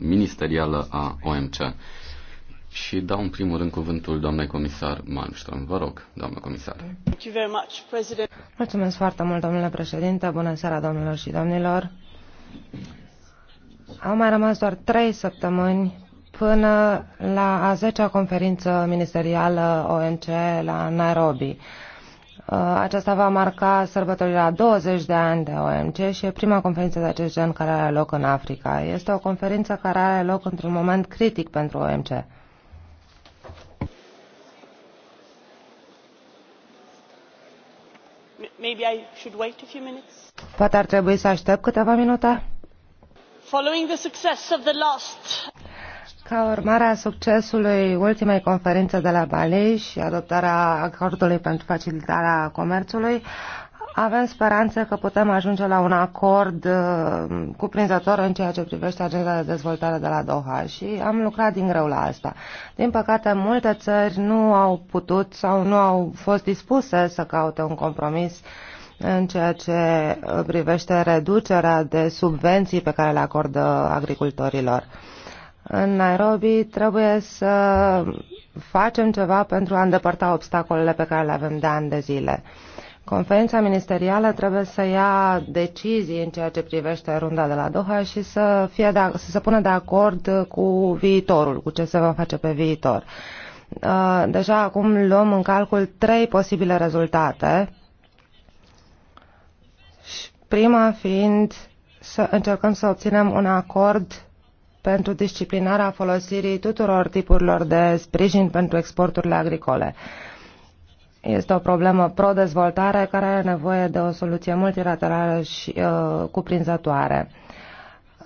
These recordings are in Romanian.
ministerială a OMC. Și dau în primul rând cuvântul doamnei comisar Malmström. Vă rog, doamnă comisar. Mulțumesc foarte mult, domnule președinte. Bună seara, domnilor și domnilor. Au mai rămas doar trei săptămâni până la a 10-a conferință ministerială OMC la Nairobi. Uh, aceasta va marca sărbătorirea 20 de ani de OMC și e prima conferință de acest gen care are loc în Africa. Este o conferință care are loc într-un moment critic pentru OMC. Maybe I should wait a few minutes. Poate ar trebui să aștept câteva minute. Following the success of the last ca urmare a succesului ultimei conferințe de la Bali și adoptarea acordului pentru facilitarea comerțului, avem speranțe că putem ajunge la un acord uh, cuprinzător în ceea ce privește agenda de dezvoltare de la Doha și am lucrat din greu la asta. Din păcate, multe țări nu au putut sau nu au fost dispuse să caute un compromis în ceea ce uh, privește reducerea de subvenții pe care le acordă agricultorilor în Nairobi, trebuie să facem ceva pentru a îndepărta obstacolele pe care le avem de ani de zile. Conferința ministerială trebuie să ia decizii în ceea ce privește runda de la Doha și să, fie de, să se pună de acord cu viitorul, cu ce se va face pe viitor. Uh, deja acum luăm în calcul trei posibile rezultate. Prima fiind să încercăm să obținem un acord pentru disciplinarea folosirii tuturor tipurilor de sprijin pentru exporturile agricole. Este o problemă pro-dezvoltare care are nevoie de o soluție multilaterală și uh, cuprinzătoare.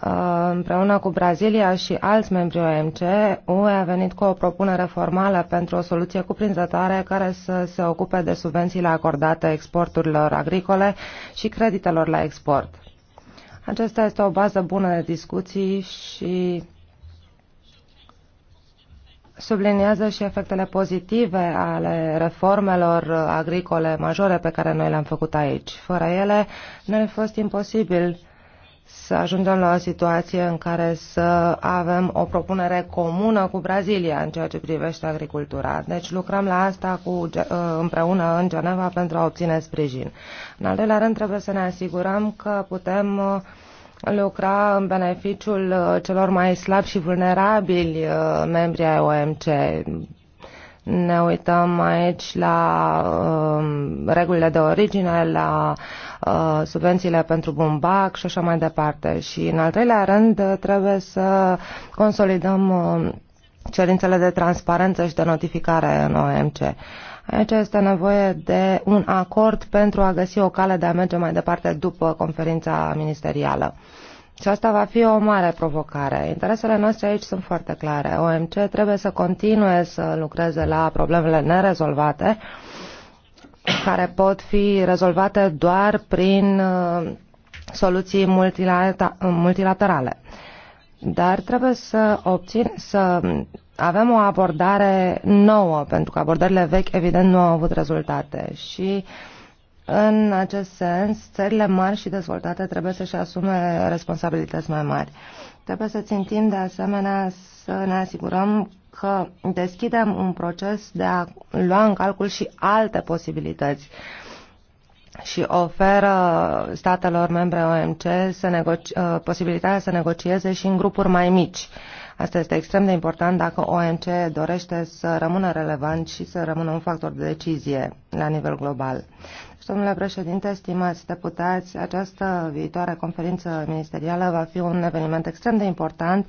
Uh, împreună cu Brazilia și alți membri OMC, UE a venit cu o propunere formală pentru o soluție cuprinzătoare care să se ocupe de subvențiile acordate exporturilor agricole și creditelor la export. Aceasta este o bază bună de discuții și subliniază și efectele pozitive ale reformelor agricole majore pe care noi le-am făcut aici. Fără ele, nu a fost imposibil să ajungem la o situație în care să avem o propunere comună cu Brazilia în ceea ce privește agricultura. Deci lucrăm la asta cu, ă, împreună în Geneva pentru a obține sprijin. În al doilea rând trebuie să ne asigurăm că putem ă, lucra în beneficiul ă, celor mai slabi și vulnerabili membri ai OMC. Ne uităm aici la regulile de origine, la uh, Uh, subvențiile pentru bumbac și așa mai departe. Și în al treilea rând uh, trebuie să consolidăm uh, cerințele de transparență și de notificare în OMC. Aici este nevoie de un acord pentru a găsi o cale de a merge mai departe după conferința ministerială. Și asta va fi o mare provocare. Interesele noastre aici sunt foarte clare. OMC trebuie să continue să lucreze la problemele nerezolvate, uh, care pot fi rezolvate doar prin uh, soluții multilaterale. Dar trebuie să, obțin, să avem o abordare nouă, pentru că abordările vechi evident nu au avut rezultate și în acest sens, țările mari și dezvoltate trebuie să-și asume responsabilități mai mari. Trebuie să țintim de asemenea să ne asigurăm că deschidem un proces de a lua în calcul și alte posibilități și oferă statelor membre OMC să negoci- uh, posibilitatea să negocieze și în grupuri mai mici. Asta este extrem de important dacă OMC dorește să rămână relevant și să rămână un factor de decizie la nivel global. Domnule președinte, stimați deputați, această viitoare conferință ministerială va fi un eveniment extrem de important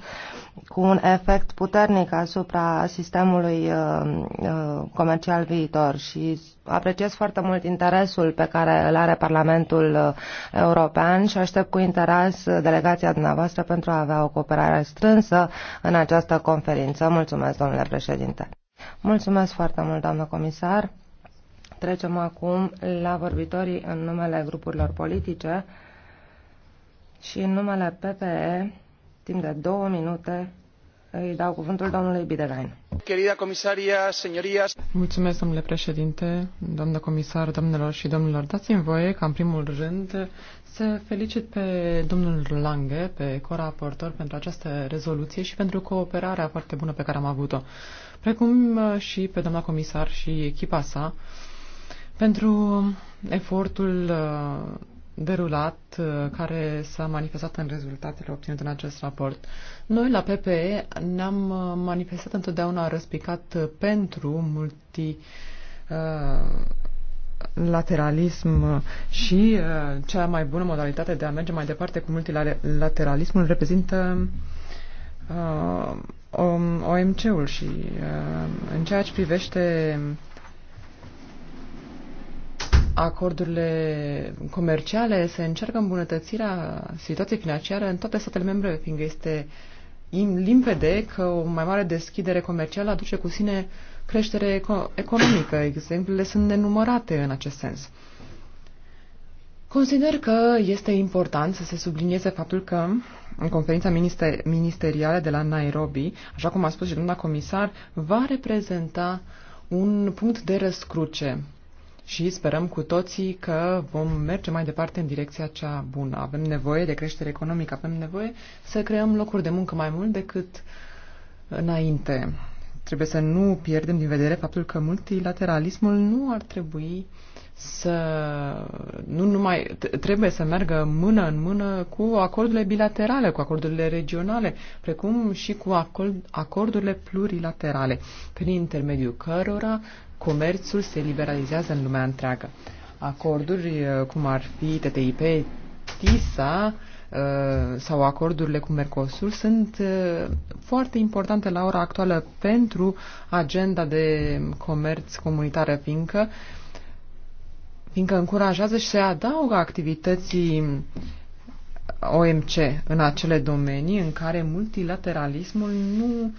cu un efect puternic asupra sistemului uh, uh, comercial viitor și apreciez foarte mult interesul pe care îl are Parlamentul uh, European și aștept cu interes delegația dumneavoastră pentru a avea o cooperare strânsă în această conferință. Mulțumesc, domnule președinte. Mulțumesc foarte mult, doamnă comisar. Trecem acum la vorbitorii în numele grupurilor politice și în numele PPE, timp de două minute, îi dau cuvântul domnului Bidelain. Querida comisaria, señorías. Mulțumesc, domnule președinte, doamnă comisar, domnilor și domnilor. Dați-mi voie ca, în primul rând, să felicit pe domnul Lange, pe coraportor, pentru această rezoluție și pentru cooperarea foarte bună pe care am avut-o, precum uh, și pe doamna comisar și echipa sa, pentru efortul uh, derulat uh, care s-a manifestat în rezultatele obținute în acest raport. Noi la PPE ne-am uh, manifestat întotdeauna răspicat pentru multi lateralism și cea mai bună modalitate de a merge mai departe cu multilateralismul reprezintă OMC-ul și în ceea ce privește acordurile comerciale se încearcă îmbunătățirea situației financiare în toate statele membre, fiindcă este limpede că o mai mare deschidere comercială aduce cu sine creștere economică. Exemplele sunt nenumărate în acest sens. Consider că este important să se sublinieze faptul că în conferința minister- ministerială de la Nairobi, așa cum a spus și doamna comisar, va reprezenta un punct de răscruce și sperăm cu toții că vom merge mai departe în direcția cea bună. Avem nevoie de creștere economică, avem nevoie să creăm locuri de muncă mai mult decât înainte trebuie să nu pierdem din vedere faptul că multilateralismul nu ar trebui să nu numai trebuie să meargă mână în mână cu acordurile bilaterale, cu acordurile regionale, precum și cu acord, acordurile plurilaterale, prin intermediul cărora comerțul se liberalizează în lumea întreagă. Acorduri eh, cum ar fi TTIP, TISA, Uh, sau acordurile cu Mercosur sunt uh, foarte importante la ora actuală pentru agenda de comerț comunitară, fiindcă, fiindcă încurajează și se adaugă activității OMC în acele domenii în care multilateralismul nu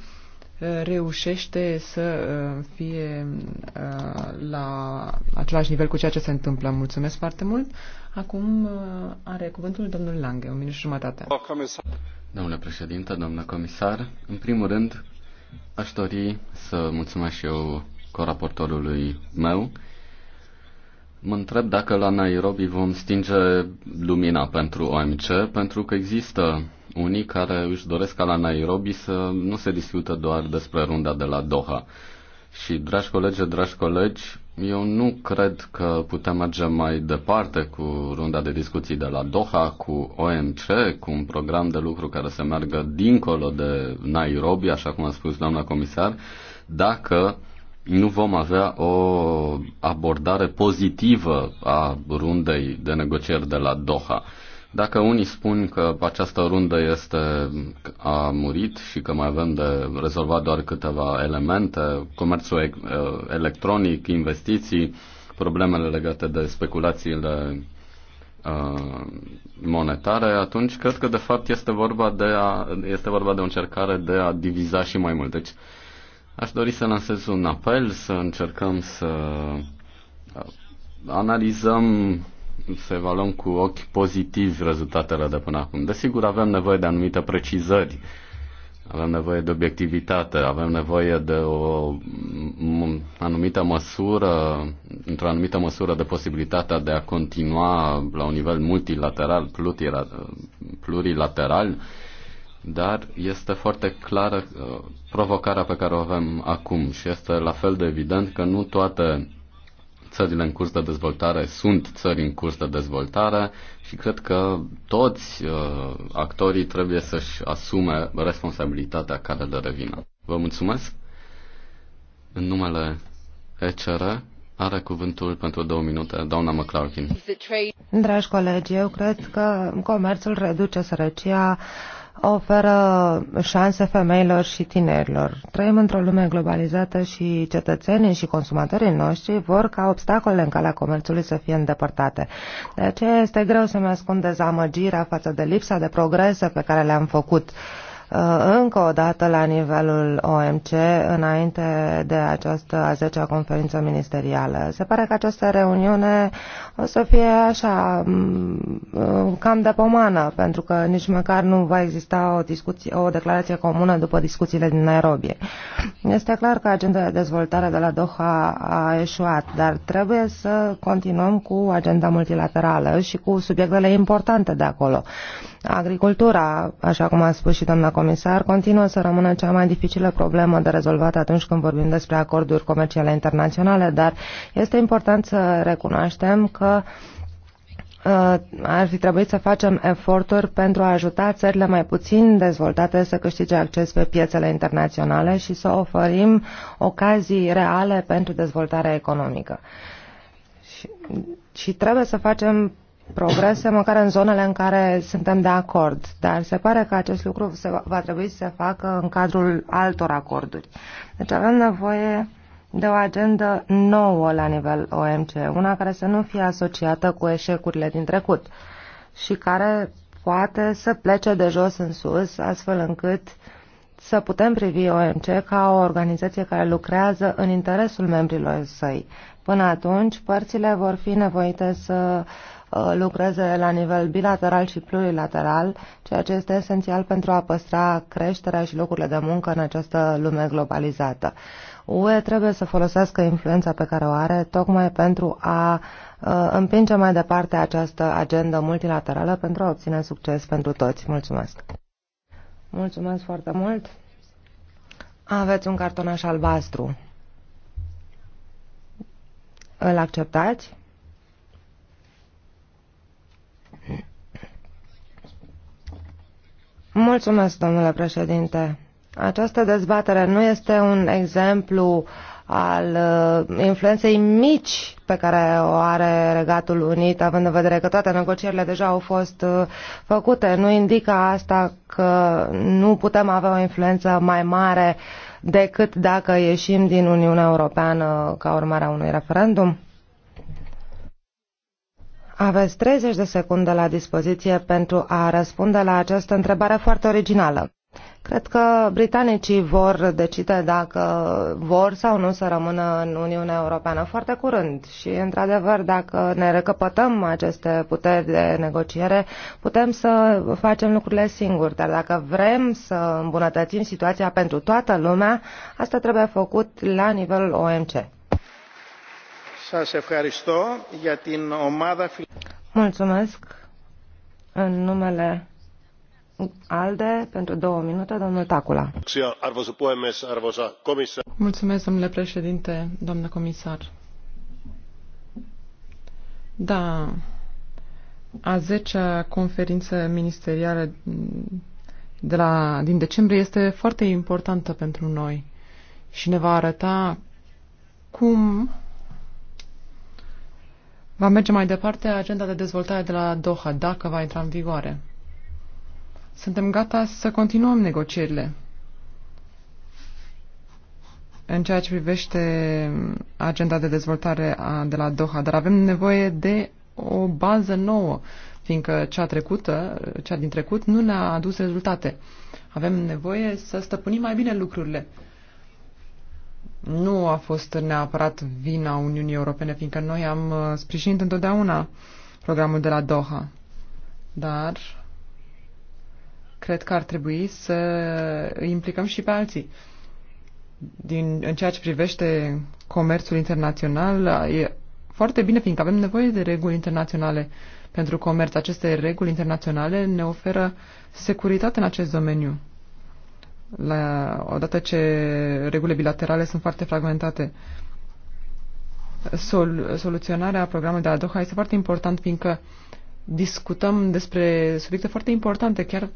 Uh, reușește să uh, fie uh, la același nivel cu ceea ce se întâmplă. Mulțumesc foarte mult. Acum are cuvântul domnul Lange, un minut și jumătate. Domnule președinte, domnule comisar, în primul rând aș dori să mulțumesc și eu coraportorului meu Mă întreb dacă la Nairobi vom stinge lumina pentru OMC, pentru că există unii care își doresc ca la Nairobi să nu se discută doar despre runda de la Doha. Și, dragi colegi, dragi colegi, eu nu cred că putem merge mai departe cu runda de discuții de la Doha, cu OMC, cu un program de lucru care să meargă dincolo de Nairobi, așa cum a spus doamna comisar, dacă nu vom avea o abordare pozitivă a rundei de negocieri de la Doha. Dacă unii spun că această rundă este a murit și că mai avem de rezolvat doar câteva elemente, comerțul eh, electronic, investiții, problemele legate de speculațiile eh, monetare, atunci cred că de fapt este vorba de, a, este vorba de o încercare de a diviza și mai mult. Deci Aș dori să lansez un apel, să încercăm să uh, analizăm, să evaluăm cu ochi pozitivi rezultatele de până acum. Desigur, avem nevoie de anumite precizări, avem nevoie de obiectivitate, avem nevoie de o anumită măsură, într-o anumită măsură de posibilitatea de a continua la un nivel multilateral, uh, plurilateral dar este foarte clară uh, provocarea pe care o avem acum și este la fel de evident că nu toate țările în curs de dezvoltare sunt țări în curs de dezvoltare și cred că toți uh, actorii trebuie să-și asume responsabilitatea care le revină. Vă mulțumesc. În numele ECR are cuvântul pentru două minute doamna McClarkin. Dragi colegi, eu cred că comerțul reduce sărăcia, oferă șanse femeilor și tinerilor. Trăim într-o lume globalizată și cetățenii și consumatorii noștri vor ca obstacolele în calea comerțului să fie îndepărtate. De aceea este greu să-mi ascund dezamăgirea față de lipsa de progrese pe care le-am făcut uh, Uh, încă o dată la nivelul OMC înainte de această a 10-a conferință ministerială. Se pare că această reuniune o să fie așa mm, mm, cam de pomană, pentru că nici măcar nu va exista o, discuție, o declarație comună după discuțiile din Nairobi. Este clar că agenda de dezvoltare de la Doha a eșuat, dar trebuie să continuăm cu agenda multilaterală și cu subiectele importante de acolo Agricultura, așa cum a spus și doamna comisar, continuă să rămână cea mai dificilă problemă de rezolvat atunci când vorbim despre acorduri comerciale internaționale, dar este important să recunoaștem că uh, ar fi trebuit să facem eforturi pentru a ajuta țările mai puțin dezvoltate să câștige acces pe piețele internaționale și să oferim ocazii reale pentru dezvoltarea economică. Și, și trebuie să facem progrese, măcar în zonele în care suntem de acord, dar se pare că acest lucru se va trebui să se facă în cadrul altor acorduri. Deci avem nevoie de o agendă nouă la nivel OMC, una care să nu fie asociată cu eșecurile din trecut și care poate să plece de jos în sus, astfel încât să putem privi OMC ca o organizație care lucrează în interesul membrilor săi. Până atunci, părțile vor fi nevoite să uh, Uh, lucreze la nivel bilateral și plurilateral, ceea ce este esențial pentru a păstra creșterea și locurile de muncă în această lume globalizată. UE trebuie să folosească influența pe care o are tocmai pentru a uh, împinge mai departe această agendă multilaterală pentru a obține succes pentru toți. Mulțumesc! Mulțumesc foarte mult! Aveți un cartonaș albastru. Îl acceptați? Mulțumesc, domnule președinte. Această dezbatere nu este un exemplu al uh, influenței mici pe care o are Regatul Unit, având în vedere că toate negocierile deja au fost uh, făcute. Nu indică asta că nu putem avea o influență mai mare decât dacă ieșim din Uniunea Europeană ca urmare a unui referendum? Aveți 30 de secunde la dispoziție pentru a răspunde la această întrebare foarte originală. Cred că britanicii vor decide dacă vor sau nu să rămână în Uniunea Europeană foarte curând și, într-adevăr, dacă ne recăpătăm aceste puteri de negociere, putem să facem lucrurile singuri, dar dacă vrem să îmbunătățim situația pentru toată lumea, asta trebuie făcut la nivelul OMC. Mulțumesc. În numele ALDE, pentru două minute, domnul Tacula. Mulțumesc, domnule președinte, doamnă comisar. Da, a zecea a conferință ministerială de la, din decembrie este foarte importantă pentru noi și ne va arăta cum Va merge mai departe agenda de dezvoltare de la Doha, dacă va intra în vigoare. Suntem gata să continuăm negocierile. În ceea ce privește agenda de dezvoltare a, de la Doha, dar avem nevoie de o bază nouă, fiindcă cea trecută, cea din trecut, nu ne-a adus rezultate. Avem nevoie să stăpânim mai bine lucrurile nu a fost neapărat vina Uniunii Europene, fiindcă noi am uh, sprijinit întotdeauna programul de la Doha. Dar cred că ar trebui să implicăm și pe alții. Din, în ceea ce privește comerțul internațional, e foarte bine, fiindcă avem nevoie de reguli internaționale pentru comerț. Aceste reguli internaționale ne oferă securitate în acest domeniu la, odată ce regulile bilaterale sunt foarte fragmentate. Sol, soluționarea programului de la Doha este foarte important, fiindcă discutăm despre subiecte foarte importante. Chiar,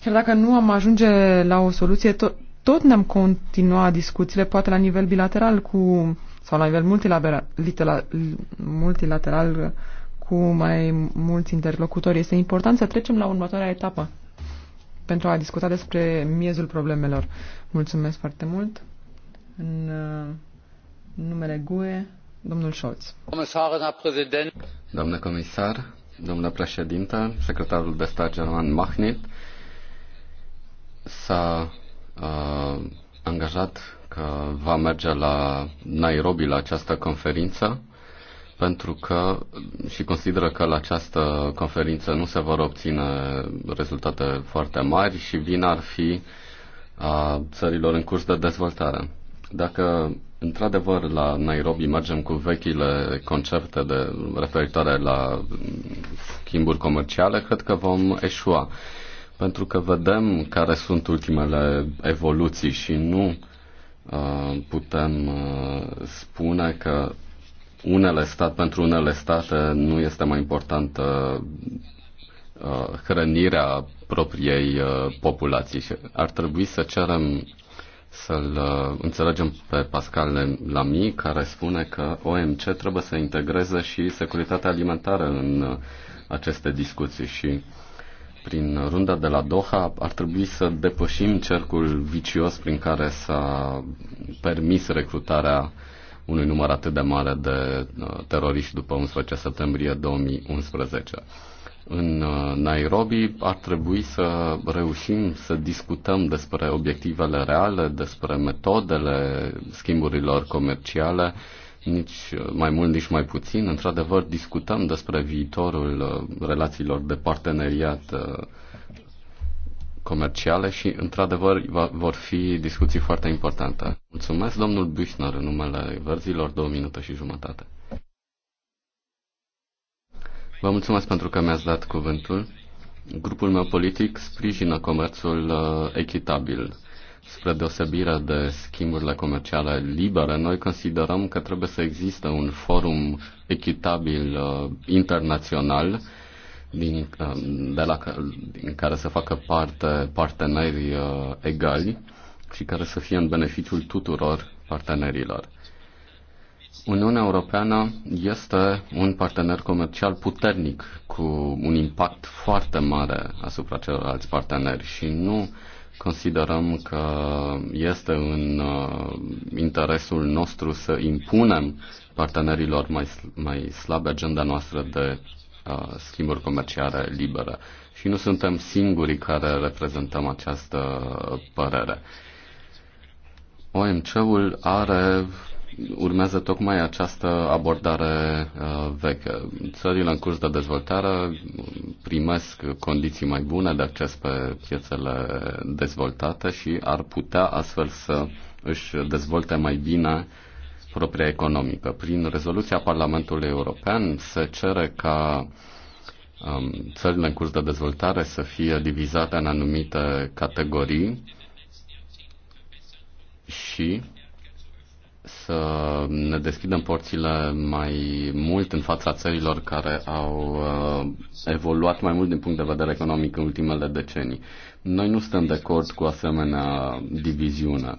chiar dacă nu am ajunge la o soluție, tot, tot ne-am continua discuțiile, poate la nivel bilateral cu, sau la nivel multilateral, multilateral cu mai mulți interlocutori. Este important să trecem la următoarea etapă pentru a discuta despre miezul problemelor. Mulțumesc foarte mult. În uh, numele GUE, domnul Scholz. Domnule comisar, domnule președinte, secretarul de stat german Mahnit s-a uh, angajat că va merge la Nairobi la această conferință pentru că și consideră că la această conferință nu se vor obține rezultate foarte mari și vina ar fi a țărilor în curs de dezvoltare. Dacă într-adevăr la Nairobi mergem cu vechile concepte de referitoare la schimburi comerciale, cred că vom eșua. Pentru că vedem care sunt ultimele evoluții și nu putem spune că unele stat, pentru unele state nu este mai importantă uh, hrănirea propriei uh, populații și ar trebui să cerem să-l uh, înțelegem pe Pascal Lamy, care spune că OMC trebuie să integreze și securitatea alimentară în uh, aceste discuții și prin runda de la Doha ar trebui să depășim cercul vicios prin care s-a permis recrutarea unui număr atât de mare de uh, teroriști după 11 septembrie 2011. În uh, Nairobi ar trebui să reușim să discutăm despre obiectivele reale, despre metodele schimburilor comerciale, nici uh, mai mult, nici mai puțin. Într-adevăr, discutăm despre viitorul relațiilor de parteneriat comerciale și, într-adevăr, vor fi discuții foarte importante. Mulțumesc, domnul Büchner, în numele verzilor, două minute și jumătate. Vă mulțumesc pentru că mi-ați dat cuvântul. Grupul meu politic sprijină comerțul uh, echitabil. Spre deosebire de schimburile comerciale libere, noi considerăm că trebuie să existe un forum echitabil uh, internațional din, de la, din care să facă parte parteneri uh, egali și care să fie în beneficiul tuturor partenerilor. Uniunea Europeană este un partener comercial puternic cu un impact foarte mare asupra celorlalți parteneri și nu considerăm că este în uh, interesul nostru să impunem partenerilor mai, mai slabe agenda noastră de Uh, schimburi comerciale libere. Și nu suntem singurii care reprezentăm această părere. OMC-ul are urmează tocmai această abordare uh, veche. Țările în curs de dezvoltare um, primesc condiții mai bune de acces pe piețele dezvoltate și ar putea astfel să își dezvolte mai bine propria economică. Prin rezoluția Parlamentului European se cere ca um, țările în curs de dezvoltare să fie divizate în anumite categorii și să ne deschidem porțile mai mult în fața țărilor care au uh, evoluat mai mult din punct de vedere economic în ultimele decenii. Noi nu suntem de acord cu asemenea diviziune.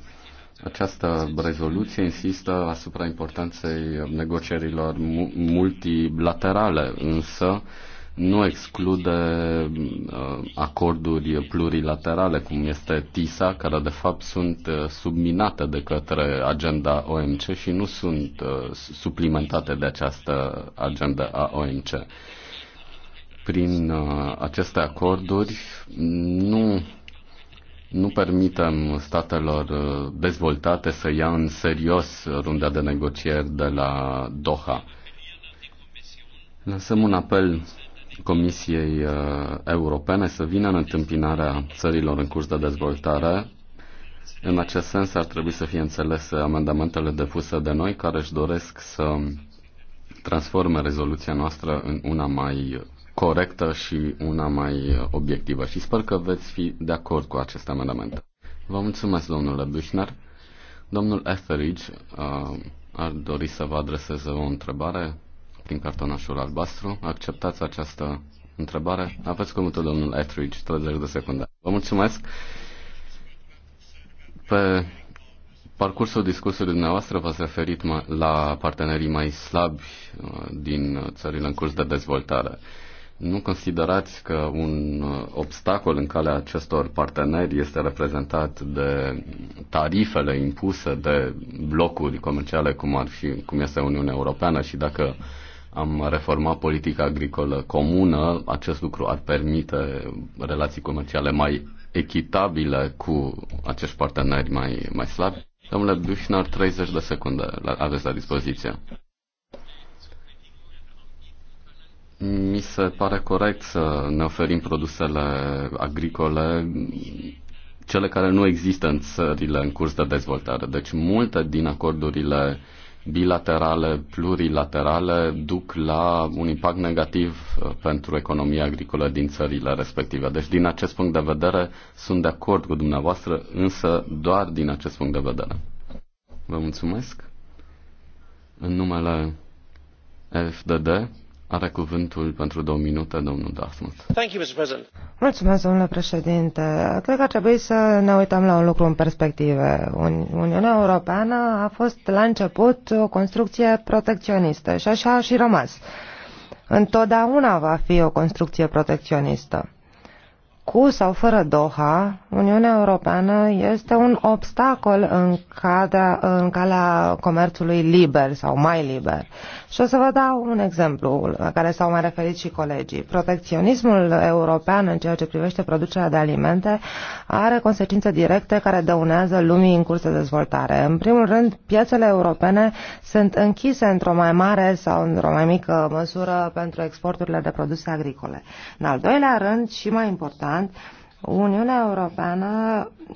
Această rezoluție insistă asupra importanței negocierilor multilaterale, însă nu exclude uh, acorduri plurilaterale, cum este TISA, care de fapt sunt uh, subminate de către agenda OMC și nu sunt uh, suplimentate de această agenda a OMC. Prin aceste acorduri nu nu permitem statelor uh, dezvoltate să ia în serios runda de negocieri de la Doha. Lăsăm un apel Comisiei uh, Europene să vină în întâmpinarea țărilor în curs de dezvoltare. În acest sens ar trebui să fie înțelese amendamentele depuse de noi care își doresc să transforme rezoluția noastră în una mai corectă și una mai obiectivă și sper că veți fi de acord cu aceste amendamente. Vă mulțumesc, domnule Bușner. Domnul Etheridge uh, ar dori să vă adreseze o întrebare prin cartonașul albastru. Acceptați această întrebare? Aveți cuvântul, domnul Etheridge, 30 de secunde. Vă mulțumesc. Pe parcursul discursului dumneavoastră v-ați referit la partenerii mai slabi uh, din țările în curs de dezvoltare. Nu considerați că un uh, obstacol în calea acestor parteneri este reprezentat de tarifele impuse de blocuri comerciale cum ar fi cum este Uniunea Europeană și dacă am reformat politica agricolă comună, acest lucru ar permite relații comerciale mai echitabile cu acești parteneri mai, mai slabi? Domnule Bușnar, 30 de secunde aveți la dispoziție. Mi se pare corect să ne oferim produsele agricole cele care nu există în țările în curs de dezvoltare. Deci multe din acordurile bilaterale, plurilaterale, duc la un impact negativ uh, pentru economia agricolă din țările respective. Deci, din acest punct de vedere, sunt de acord cu dumneavoastră, însă doar din acest punct de vedere. Vă mulțumesc. În numele FDD, are cuvântul pentru două minute domnul Dasmus. Thank you, Mr. President. Mulțumesc, domnule președinte. Cred că ar trebui să ne uităm la un lucru în perspective. Uniunea Europeană a fost la început o construcție protecționistă și așa a și rămas. Întotdeauna va fi o construcție protecționistă. Cu sau fără Doha, Uniunea Europeană este un obstacol în, cadea, în calea comerțului liber sau mai liber. Uh, și o să vă dau un exemplu la care s-au mai referit și colegii. Protecționismul european în ceea ce privește producerea de alimente are consecințe directe care dăunează lumii în curs de dezvoltare. În primul rând, piețele europene sunt închise într-o mai mare sau într-o mai mică măsură pentru exporturile de produse agricole. În al doilea rând, și mai important, Uniunea Europeană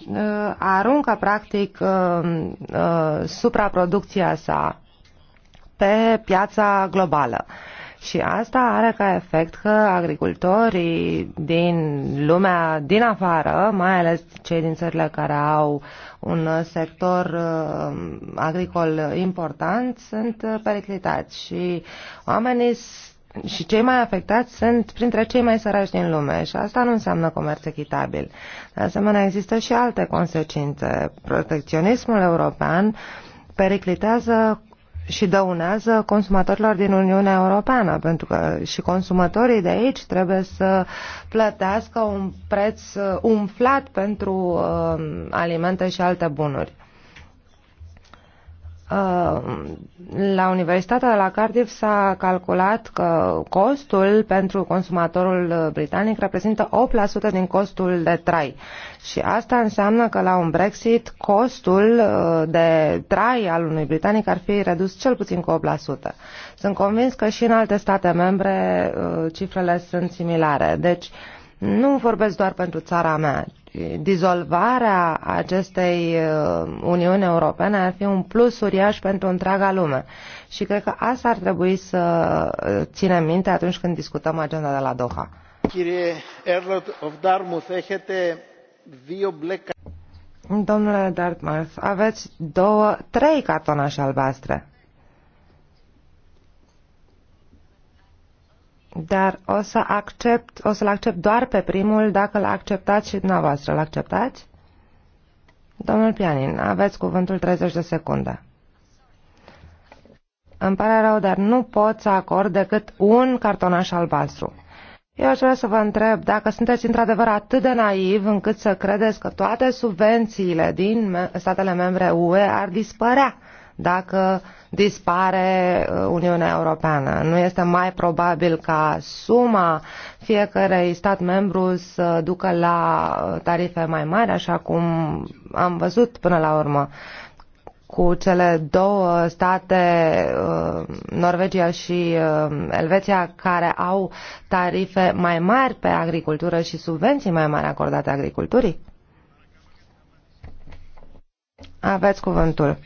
uh, aruncă practic uh, uh, supraproducția sa pe piața globală. Și asta are ca efect că agricultorii din lumea din afară, mai ales cei din țările care au un sector uh, agricol important, sunt periclitați și oamenii și cei mai afectați sunt printre cei mai săraci din lume și asta nu înseamnă comerț echitabil. De asemenea, există și alte consecințe. Protecționismul european periclitează și dăunează consumatorilor din Uniunea Europeană, pentru că și consumatorii de aici trebuie să plătească un preț uh, umflat pentru uh, alimente și alte bunuri. Uh, la Universitatea de la Cardiff s-a calculat că costul pentru consumatorul uh, britanic reprezintă 8% din costul de trai. Și asta înseamnă că la un Brexit costul uh, de trai al unui britanic ar fi redus cel puțin cu 8%. Sunt convins că și în alte state membre cifrele sunt similare. Deci nu vorbesc doar pentru țara mea, dizolvarea acestei uh, Uniuni Europene ar fi un plus uriaș pentru întreaga lume. Și cred că asta ar trebui să uh, ținem minte atunci când discutăm agenda de la Doha. Domnule Dartmouth, aveți două, trei cartonașe albastre. Dar o să accept, o să-l accept doar pe primul dacă l a acceptat și dumneavoastră. L a acceptați? Domnul Pianin, aveți cuvântul 30 de secunde. Îmi pare rău, dar nu pot să acord decât un cartonaș albastru. Eu aș vrea să vă întreb dacă sunteți într-adevăr atât de naiv încât să credeți că toate subvențiile din statele membre UE ar dispărea dacă dispare uh, Uniunea Europeană. Nu este mai probabil ca suma fiecărei stat membru să ducă la uh, tarife mai mari, așa cum am văzut până la urmă cu cele două state, uh, Norvegia și Elveția, care au tarife mai mari pe agricultură și subvenții mai mari acordate agriculturii? Aveți cuvântul.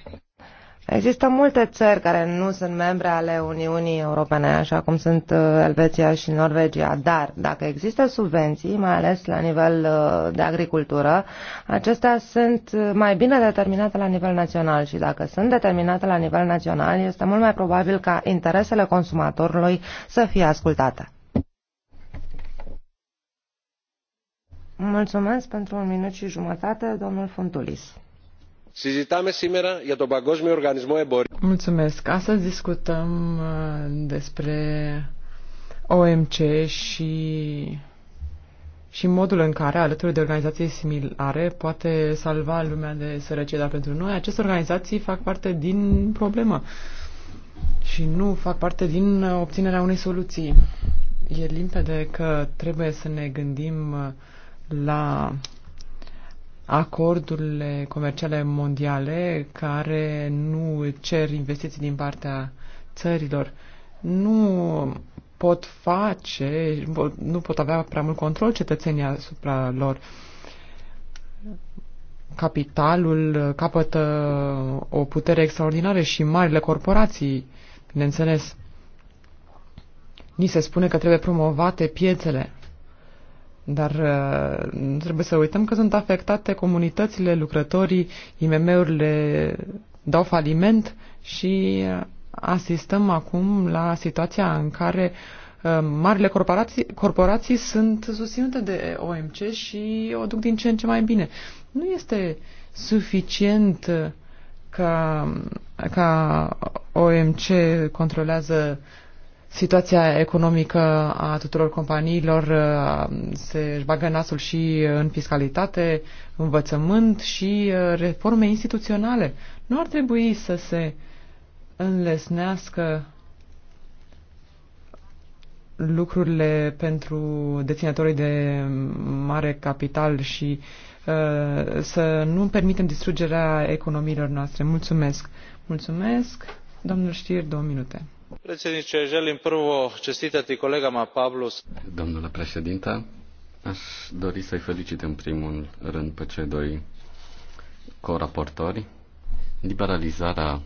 Există multe țări care nu sunt membre ale Uniunii Europene, așa cum sunt uh, Elveția și Norvegia, dar dacă există subvenții, mai ales la nivel uh, de agricultură, acestea sunt uh, mai bine determinate la nivel național și dacă sunt determinate la nivel național, este mult mai probabil ca interesele consumatorului să fie ascultate. Mulțumesc pentru un minut și jumătate, domnul Funtulis. Mulțumesc. Astăzi discutăm uh, despre OMC și, și modul în care, alături de organizații similare, poate salva lumea de sărăcie. Dar pentru noi, aceste organizații fac parte din problemă și nu fac parte din obținerea unei soluții. E limpede că trebuie să ne gândim uh, la acordurile comerciale mondiale care nu cer investiții din partea țărilor. Nu pot face, nu pot avea prea mult control cetățenii asupra lor. Capitalul capătă o putere extraordinară și marile corporații, bineînțeles. Ni se spune că trebuie promovate piețele, dar uh, trebuie să uităm că sunt afectate comunitățile, lucrătorii, IMM-urile dau faliment și uh, asistăm acum la situația în care uh, marile corporații, corporații sunt susținute de OMC și o duc din ce în ce mai bine. Nu este suficient uh, ca, ca OMC controlează uh, situația economică a tuturor companiilor uh, se își bagă nasul și în fiscalitate, învățământ și uh, reforme instituționale. Nu ar trebui să se înlesnească lucrurile pentru deținătorii de mare capital și uh, să nu permitem distrugerea economiilor noastre. Mulțumesc! Mulțumesc! Domnul Știr, două minute. Domnule președinte, aș dori să-i felicit în primul rând pe cei doi coraportori. Liberalizarea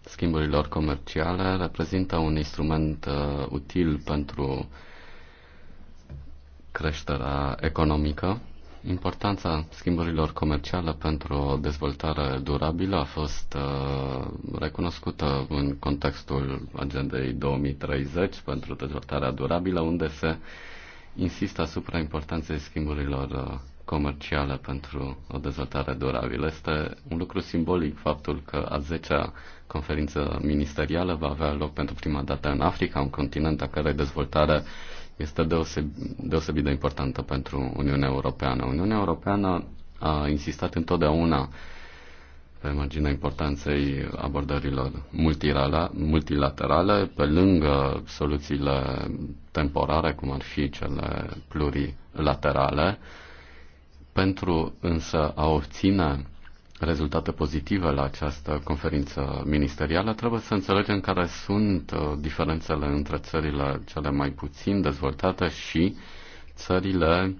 schimburilor comerciale reprezintă un instrument uh, util pentru creșterea economică Importanța schimburilor comerciale pentru o dezvoltare durabilă a fost uh, recunoscută în contextul agendei 2030 pentru dezvoltarea durabilă, unde se insistă asupra importanței schimburilor uh, comerciale pentru o dezvoltare durabilă. Este un lucru simbolic faptul că a 10-a conferință ministerială va avea loc pentru prima dată în Africa, un continent a cărei dezvoltare uh, este deosebit de importantă pentru Uniunea Europeană. Uniunea Europeană a insistat întotdeauna pe marginea importanței abordărilor multilaterale, pe lângă soluțiile temporare, cum ar fi cele plurilaterale, pentru însă a obține rezultate pozitive la această conferință ministerială, trebuie să înțelegem care sunt uh, diferențele între țările cele mai puțin dezvoltate și țările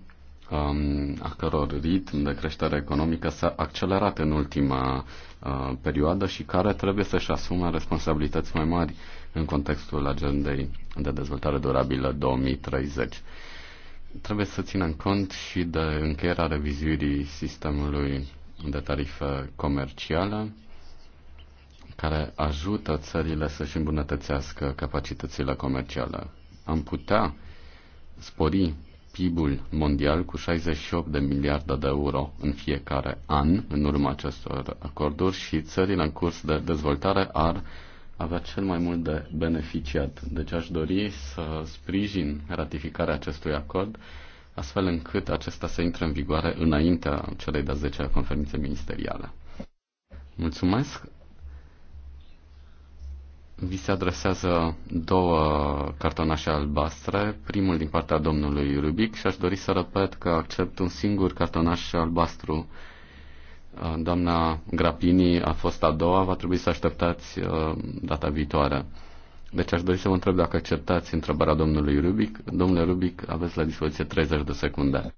um, a căror ritm de creștere economică s-a accelerat în ultima uh, perioadă și care trebuie să-și asume responsabilități mai mari în contextul agendei de dezvoltare durabilă 2030. Trebuie să ținem cont și de încheierea revizuirii sistemului de tarife comerciale care ajută țările să-și îmbunătățească capacitățile comerciale. Am putea spori PIB-ul mondial cu 68 de miliarde de euro în fiecare an în urma acestor acorduri și țările în curs de dezvoltare ar avea cel mai mult de beneficiat. Deci aș dori să sprijin ratificarea acestui acord astfel încât acesta să intre în vigoare înaintea celei de-a 10-a conferințe ministeriale. Mulțumesc! Vi se adresează două cartonașe albastre, primul din partea domnului Rubic și aș dori să repet că accept un singur cartonaș albastru. Doamna Grapini a fost a doua, va trebui să așteptați uh, data viitoare. Deci aș dori să vă întreb dacă acceptați întrebarea domnului Rubic. Domnule Rubic, aveți la dispoziție 30 de secunde.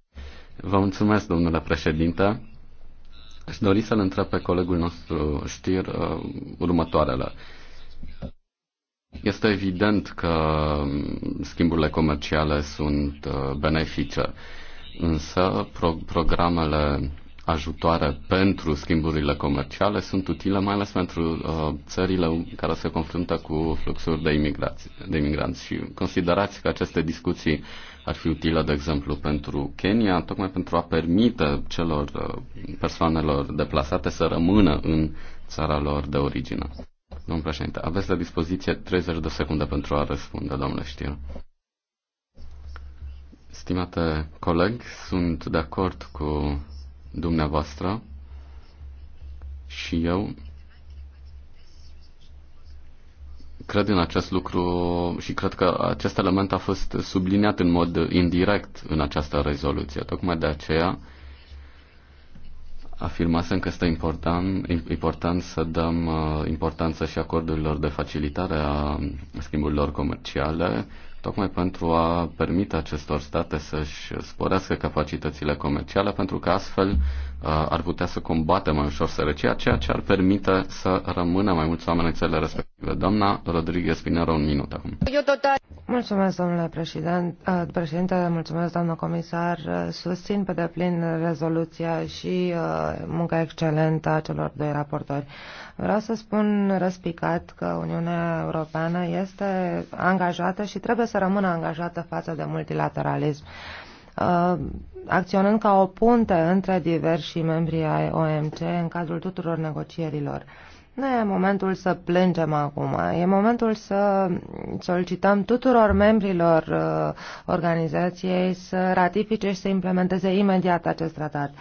Vă mulțumesc, domnule președinte. Aș dori să-l întreb pe colegul nostru știr uh, următoarele. Este evident că um, schimburile comerciale sunt uh, benefice, însă pro- programele ajutoare pentru schimburile comerciale sunt utile mai ales pentru uh, țările care se confruntă cu fluxuri de, de imigranți. Și considerați că aceste discuții ar fi utile, de exemplu, pentru Kenya, tocmai pentru a permite celor uh, persoanelor deplasate să rămână în țara lor de origine. Domnul președinte, aveți la dispoziție 30 de secunde pentru a răspunde, domnule știu. Stimate coleg, sunt de acord cu dumneavoastră și eu cred în acest lucru și cred că acest element a fost subliniat în mod indirect în această rezoluție. Tocmai de aceea afirmasem că este important, important să dăm uh, importanță și acordurilor de facilitare a schimburilor comerciale, tocmai pentru a permite acestor state să-și sporească capacitățile comerciale, pentru că astfel Uh, ar putea să combată mai ușor sărăcia, ceea ce ar permite să rămână mai mulți oameni în țările respective. Doamna Rodriguez Pinero, un minut acum. Mulțumesc, domnule președinte, uh, președinte mulțumesc, doamnă comisar. Uh, susțin pe deplin rezoluția și munca excelentă a celor doi raportori. Vreau să spun răspicat că Uniunea Europeană este angajată și trebuie să rămână angajată față de multilateralism. Uh, acționând ca o punte între diversi membri ai OMC în cadrul tuturor negocierilor. Nu e momentul să plângem acum, e momentul să solicităm tuturor membrilor uh, organizației să ratifice și să implementeze imediat acest tratat.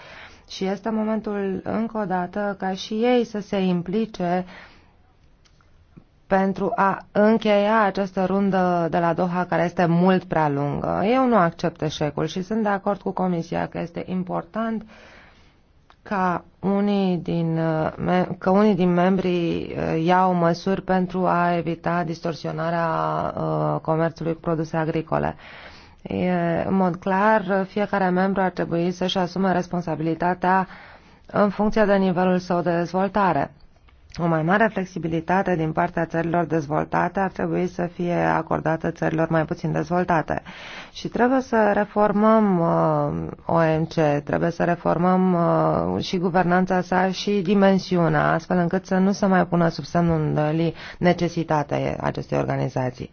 Și este momentul, încă o dată, ca și ei să se implice uh, pentru a încheia această rundă de la Doha care este mult prea lungă. Eu nu accept eșecul și sunt de acord cu Comisia că este important ca unii din, uh, că unii din membrii uh, iau măsuri pentru a evita distorsionarea uh, comerțului cu produse agricole. În mod clar, fiecare membru ar trebui să-și asume responsabilitatea în funcție de nivelul său de dezvoltare. O mai mare flexibilitate din partea țărilor dezvoltate ar trebui să fie acordată țărilor mai puțin dezvoltate. Și trebuie să reformăm uh, OMC, trebuie să reformăm uh, și guvernanța sa și dimensiunea, astfel încât să nu se mai pună sub semnul îndoielii necesitatea acestei organizații.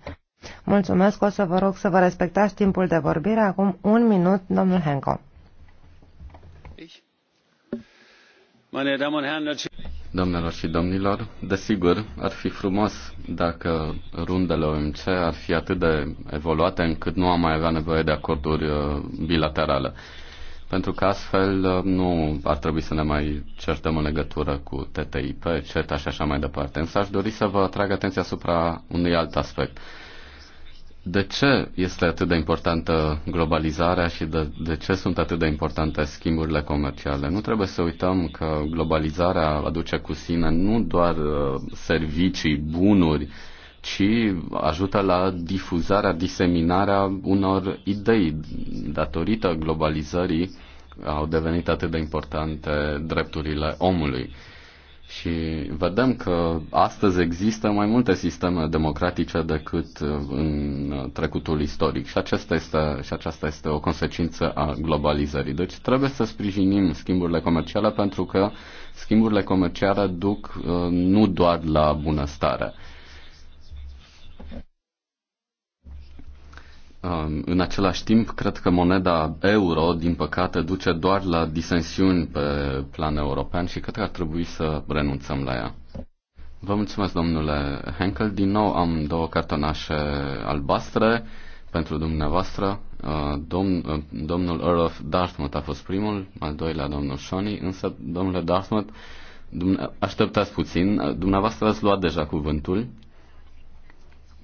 Mulțumesc, o să vă rog să vă respectați timpul de vorbire. Acum un minut, domnul Henco. Meine Damen und Herren, Domnilor și domnilor, desigur, ar fi frumos dacă rundele OMC ar fi atât de evoluate încât nu am mai avea nevoie de acorduri uh, bilaterale. Pentru că astfel uh, nu ar trebui să ne mai certăm în legătură cu TTIP, CETA și așa mai departe. Însă aș dori să vă atrag atenția asupra unui alt aspect. De ce este atât de importantă globalizarea și de, de ce sunt atât de importante schimburile comerciale? Nu trebuie să uităm că globalizarea aduce cu sine nu doar uh, servicii, bunuri, ci ajută la difuzarea, diseminarea unor idei. Datorită globalizării au devenit atât de importante drepturile omului și vedem că astăzi există mai multe sisteme democratice decât uh, în trecutul istoric și aceasta este, și aceasta este o consecință a globalizării. Deci trebuie să sprijinim schimburile comerciale pentru că schimburile comerciale duc uh, nu doar la bunăstare Um, în același timp, cred că moneda euro, din păcate, duce doar la disensiuni pe plan european și cred că ar trebui să renunțăm la ea. Vă mulțumesc, domnule Henkel. Din nou am două cartonașe albastre pentru dumneavoastră. Uh, domn, uh, domnul Earl of Dartmouth a fost primul, al doilea domnul Shoney, însă, domnule Dartmouth, așteptați puțin. Uh, dumneavoastră ați luat deja cuvântul.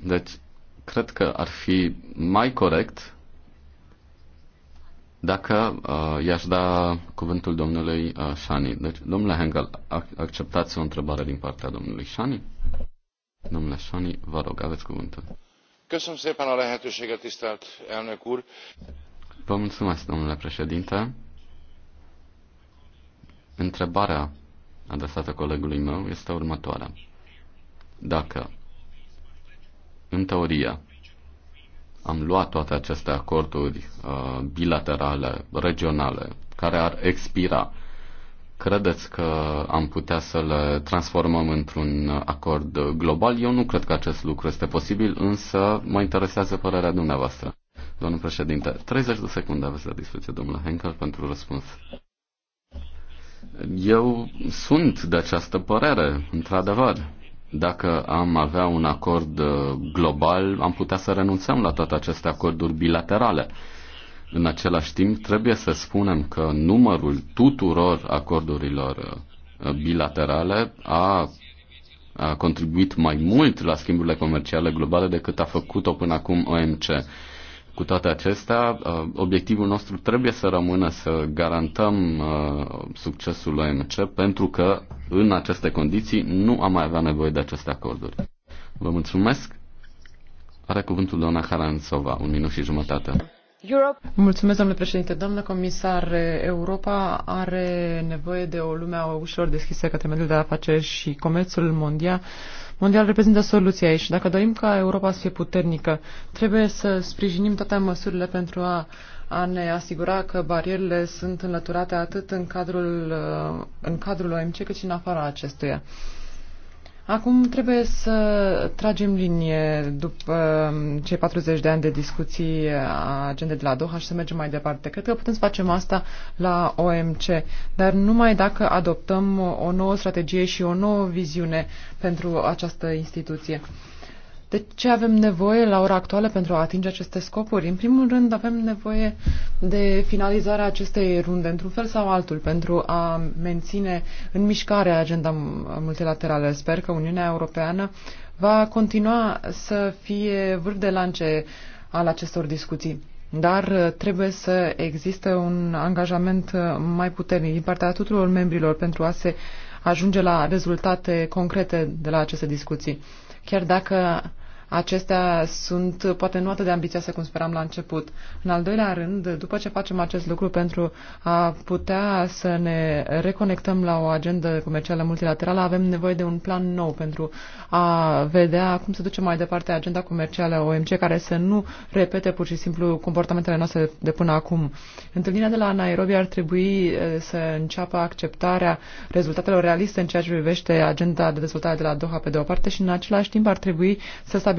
Deci, cred că ar fi mai corect dacă uh, i-aș da cuvântul domnului uh, Shani. Deci, domnule Hengel, ac- acceptați o întrebare din partea domnului Shani? Domnule Shani, vă rog, aveți cuvântul. Köszönöm szépen a lehetőséget, tisztelt elnök úr. Vă mulțumesc, domnule președinte. Întrebarea adresată colegului meu este următoarea. Dacă în teorie, am luat toate aceste acorduri uh, bilaterale, regionale, care ar expira. Credeți că am putea să le transformăm într-un acord global? Eu nu cred că acest lucru este posibil, însă mă interesează părerea dumneavoastră. Domnul președinte, 30 de secunde aveți la dispoziție, domnule Henkel, pentru răspuns. Eu sunt de această părere, într-adevăr. Dacă am avea un acord uh, global, am putea să renunțăm la toate aceste acorduri bilaterale. În același timp, trebuie să spunem că numărul tuturor acordurilor uh, bilaterale a, a contribuit mai mult la schimburile comerciale globale decât a făcut-o până acum OMC. Cu toate acestea, uh, obiectivul nostru trebuie să rămână să garantăm uh, succesul OMC pentru că în aceste condiții nu am mai avea nevoie de aceste acorduri. Vă mulțumesc. Are cuvântul doamna Haranțova, un minut și jumătate. Europe. Mulțumesc, domnule președinte. Doamnă comisar, Europa are nevoie de o lume ușor deschisă către mediul de afaceri și comerțul mondial mondial reprezintă soluția aici. Dacă dorim ca Europa să fie puternică, trebuie să sprijinim toate măsurile pentru a, a ne asigura că barierele sunt înlăturate atât în cadrul, uh, în cadrul OMC cât și în afara acestuia. Uh, Acum trebuie să tragem linie după um, cei 40 de ani de discuții a uh, agendei de la Doha și să mergem mai departe. Cred că putem să facem asta la OMC, dar numai dacă adoptăm o nouă strategie și o nouă viziune pentru această instituție. De ce avem nevoie la ora actuală pentru a atinge aceste scopuri? În primul rând, avem nevoie de finalizarea acestei runde, într-un fel sau altul, pentru a menține în mișcare agenda multilaterală. Sper că Uniunea Europeană va continua să fie vârf de lance al acestor discuții. Dar trebuie să existe un angajament mai puternic din partea tuturor membrilor pentru a se ajunge la rezultate concrete de la aceste discuții. Chiar dacă acestea sunt poate nu atât de ambițioase cum speram la început. În al doilea rând, după ce facem acest lucru pentru a putea să ne reconectăm la o agendă comercială multilaterală, avem nevoie de un plan nou pentru a vedea cum să ducem mai departe agenda comercială OMC, care să nu repete pur și simplu comportamentele noastre de până acum. Întâlnirea de la Nairobi ar trebui să înceapă acceptarea rezultatelor realiste în ceea ce privește agenda de dezvoltare de la Doha pe de o parte și în același timp ar trebui să stabilim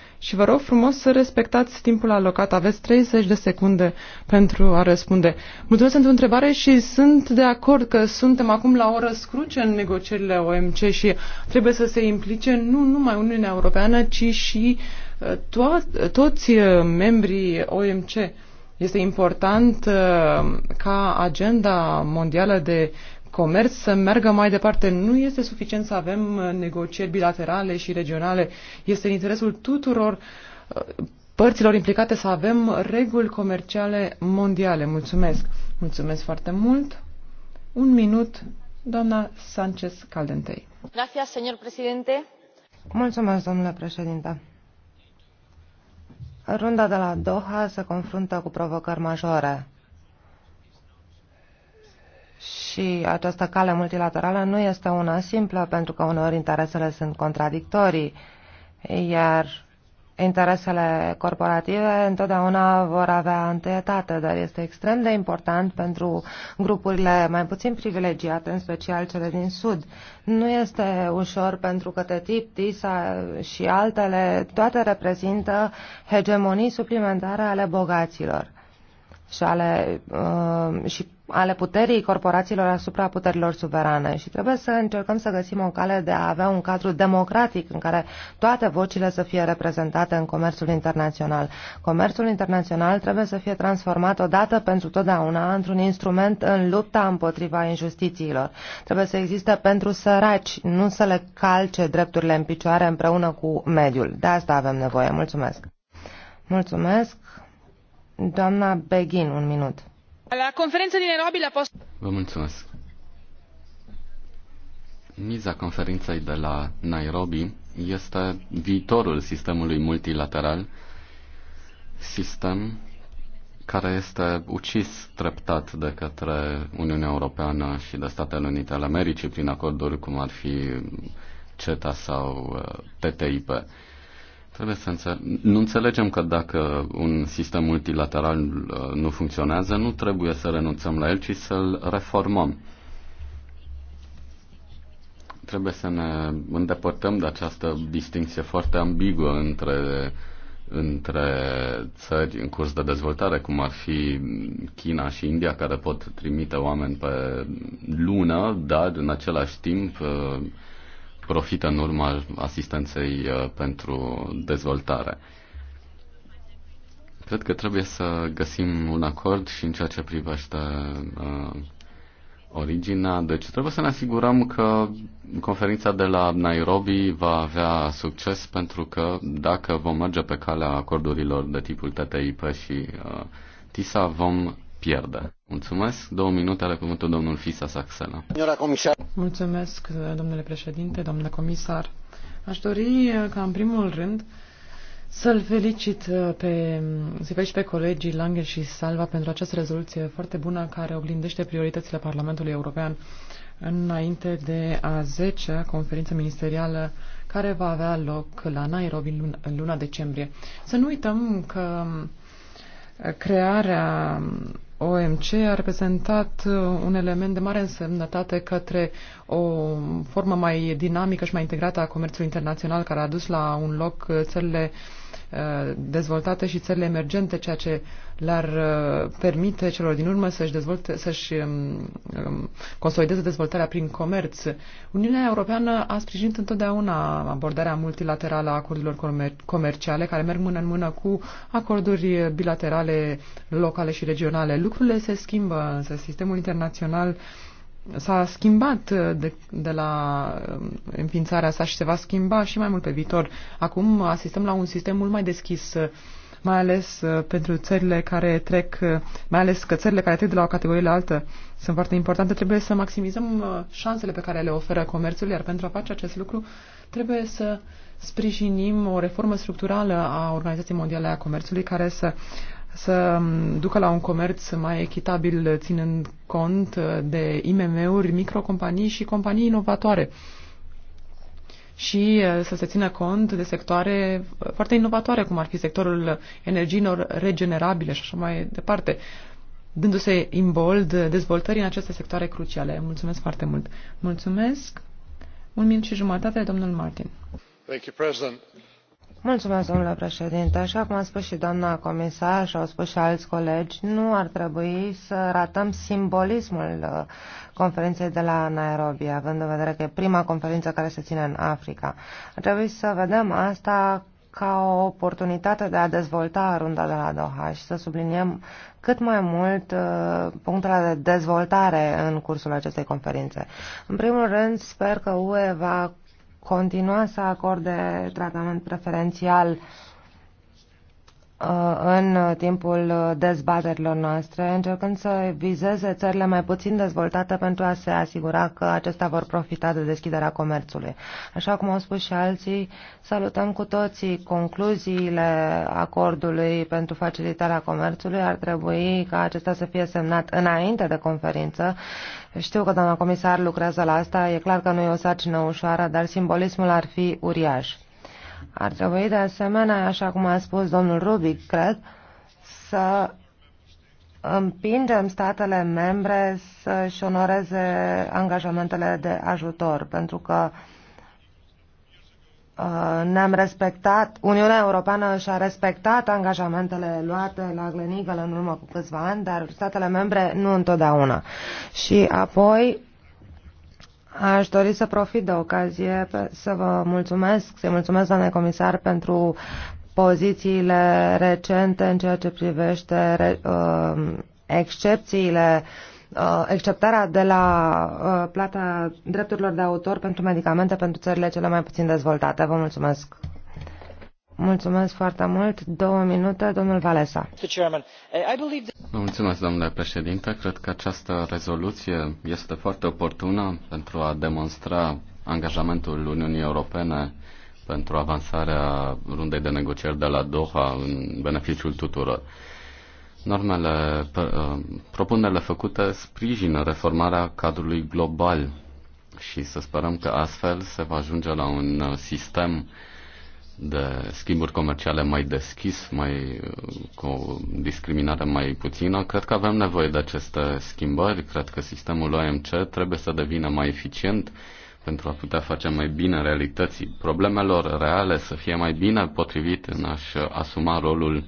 și vă rog frumos să respectați timpul alocat. Aveți 30 de secunde pentru a răspunde. Mulțumesc pentru întrebare și sunt de acord că suntem acum la o răscruce în negocierile OMC și trebuie să se implice nu numai Uniunea Europeană, ci și uh, to- toți uh, membrii OMC. Este important uh, ca agenda mondială de comerț să meargă mai departe. Nu este suficient să avem uh, negocieri bilaterale și regionale. Este în interesul tuturor uh, părților implicate să avem reguli comerciale mondiale. Mulțumesc! Mulțumesc foarte mult! Un minut, doamna Sanchez Caldentei. Gracias, señor presidente. Mulțumesc, domnule președinte. Runda de la Doha se confruntă cu provocări majore și această cale multilaterală nu este una simplă, pentru că uneori interesele sunt contradictorii, iar interesele corporative întotdeauna vor avea întâietate, dar este extrem de important pentru grupurile mai puțin privilegiate, în special cele din Sud. Nu este ușor pentru că TTIP, TISA și altele, toate reprezintă hegemonii suplimentare ale bogaților și, ale, uh, și ale puterii corporațiilor asupra puterilor suverane și trebuie să încercăm să găsim o cale de a avea un cadru democratic în care toate vocile să fie reprezentate în comerțul internațional. Comerțul internațional trebuie să fie transformat odată pentru totdeauna într-un instrument în lupta împotriva injustițiilor. Trebuie să existe pentru săraci, nu să le calce drepturile în picioare împreună cu mediul. De asta avem nevoie. Mulțumesc! Mulțumesc! Doamna Beghin, un minut. La conferința din Nairobi la post... Vă mulțumesc. Miza conferinței de la Nairobi este viitorul sistemului multilateral, sistem care este ucis treptat de către Uniunea Europeană și de Statele Unite ale Americii prin acorduri cum ar fi CETA sau uh, TTIP. Trebuie să înțeleg. Nu înțelegem că dacă un sistem multilateral uh, nu funcționează, nu trebuie să renunțăm la el, ci să-l reformăm. Trebuie să ne îndepărtăm de această distinție foarte ambiguă între, între țări în curs de dezvoltare, cum ar fi China și India, care pot trimite oameni pe lună, dar în același timp uh, profită în urma asistenței uh, pentru dezvoltare. Cred că trebuie să găsim un acord și în ceea ce privește uh, originea. Deci trebuie să ne asigurăm că conferința de la Nairobi va avea succes pentru că dacă vom merge pe calea acordurilor de tipul TTIP și uh, TISA, vom pierde. Mulțumesc. Două minute ale cuvântul domnul Fisa Saxela. Mulțumesc, domnule președinte, domnule comisar. Aș dori eh, ca în primul rând să-l felicit eh, pe, să felicit pe colegii Lange și Salva pentru această rezoluție foarte bună care oglindește prioritățile Parlamentului European înainte de a 10-a conferință ministerială care va avea loc la Nairobi în luna decembrie. Să nu uităm că mm, crearea mm, OMC a reprezentat uh, un element de mare însemnătate către o formă mai dinamică și mai integrată a comerțului internațional care a dus la un loc uh, țările uh, Uh, dezvoltate și țările emergente, ceea ce le-ar uh, permite celor din urmă să-și, dezvolte, să-și um, um, consolideze dezvoltarea prin comerț. Uniunea Europeană a sprijinit întotdeauna abordarea multilaterală a acordurilor comer- comerciale care merg mână în mână cu acorduri bilaterale, locale și regionale. Lucrurile se schimbă, însă sistemul internațional uh, s-a schimbat uh, de, de la um, înființarea sa și se va schimba și mai mult pe viitor. Acum asistăm la un sistem mult mai deschis, uh, mai ales uh, pentru țările care trec, mai ales că țările care trec de la o categorie la altă sunt foarte importante. Trebuie să maximizăm șansele pe care le oferă comerțul, iar pentru a face acest lucru trebuie să sprijinim o reformă structurală a Organizației Mondiale a Comerțului care să uh, să ducă la un comerț mai echitabil, ținând cont de IMM-uri, microcompanii și companii inovatoare și uh, să se țină cont de sectoare uh, foarte inovatoare, cum ar fi sectorul energiilor regenerabile și așa mai departe, dându-se bold dezvoltării în aceste sectoare cruciale. Mulțumesc foarte mult! Mulțumesc! Un minut și jumătate, domnul Martin. Thank you, President. Mulțumesc, domnule președinte. Așa cum a spus și doamna comisar și au spus și alți colegi, nu ar trebui să ratăm simbolismul uh, conferinței de la Nairobi, având în vedere că e prima conferință care se ține în Africa. Ar trebui să vedem asta ca o oportunitate de a dezvolta runda de la Doha și să subliniem cât mai mult uh, punctele de dezvoltare în cursul acestei conferințe. În primul rând, sper că UE va continua să acorde tratament preferențial uh, Uh, în timpul dezbaterilor noastre, încercând să vizeze țările mai puțin dezvoltate pentru a se asigura că acestea vor profita de deschiderea comerțului. Așa cum au spus și alții, salutăm cu toții concluziile acordului pentru facilitarea comerțului. Ar trebui ca acesta să fie semnat înainte de conferință. Știu că doamna comisar lucrează la asta, e clar că nu e o sarcină ușoară, dar simbolismul ar fi uriaș. Ar trebui de asemenea, așa cum a spus domnul Rubic, cred, să împingem statele membre să-și onoreze angajamentele de ajutor, pentru că uh, ne-am respectat, Uniunea Europeană și-a respectat angajamentele luate la Gleneagle în urmă cu câțiva ani, dar statele membre nu întotdeauna. Și apoi Aș dori să profit de ocazie să vă mulțumesc, să mulțumesc, doamne comisar, pentru pozițiile recente în ceea ce privește uh, excepțiile uh, exceptarea de la uh, plata drepturilor de autor pentru medicamente pentru țările cele mai puțin dezvoltate. Vă mulțumesc! Mulțumesc foarte mult. Două minute, domnul Valesa. Mulțumesc, domnule președinte. Cred că această rezoluție este foarte oportună pentru a demonstra angajamentul Uniunii Europene pentru avansarea rundei de negocieri de la Doha în beneficiul tuturor. Normele, uh, propunerile făcute sprijină reformarea cadrului global și să sperăm că astfel se va ajunge la un uh, sistem uh, de schimburi comerciale mai deschis, mai, uh, cu o discriminare mai puțină. Cred că avem nevoie de aceste schimbări. Cred că sistemul OMC trebuie să devină mai eficient pentru a putea face mai bine realității problemelor reale, să fie mai bine potrivit în a asuma rolul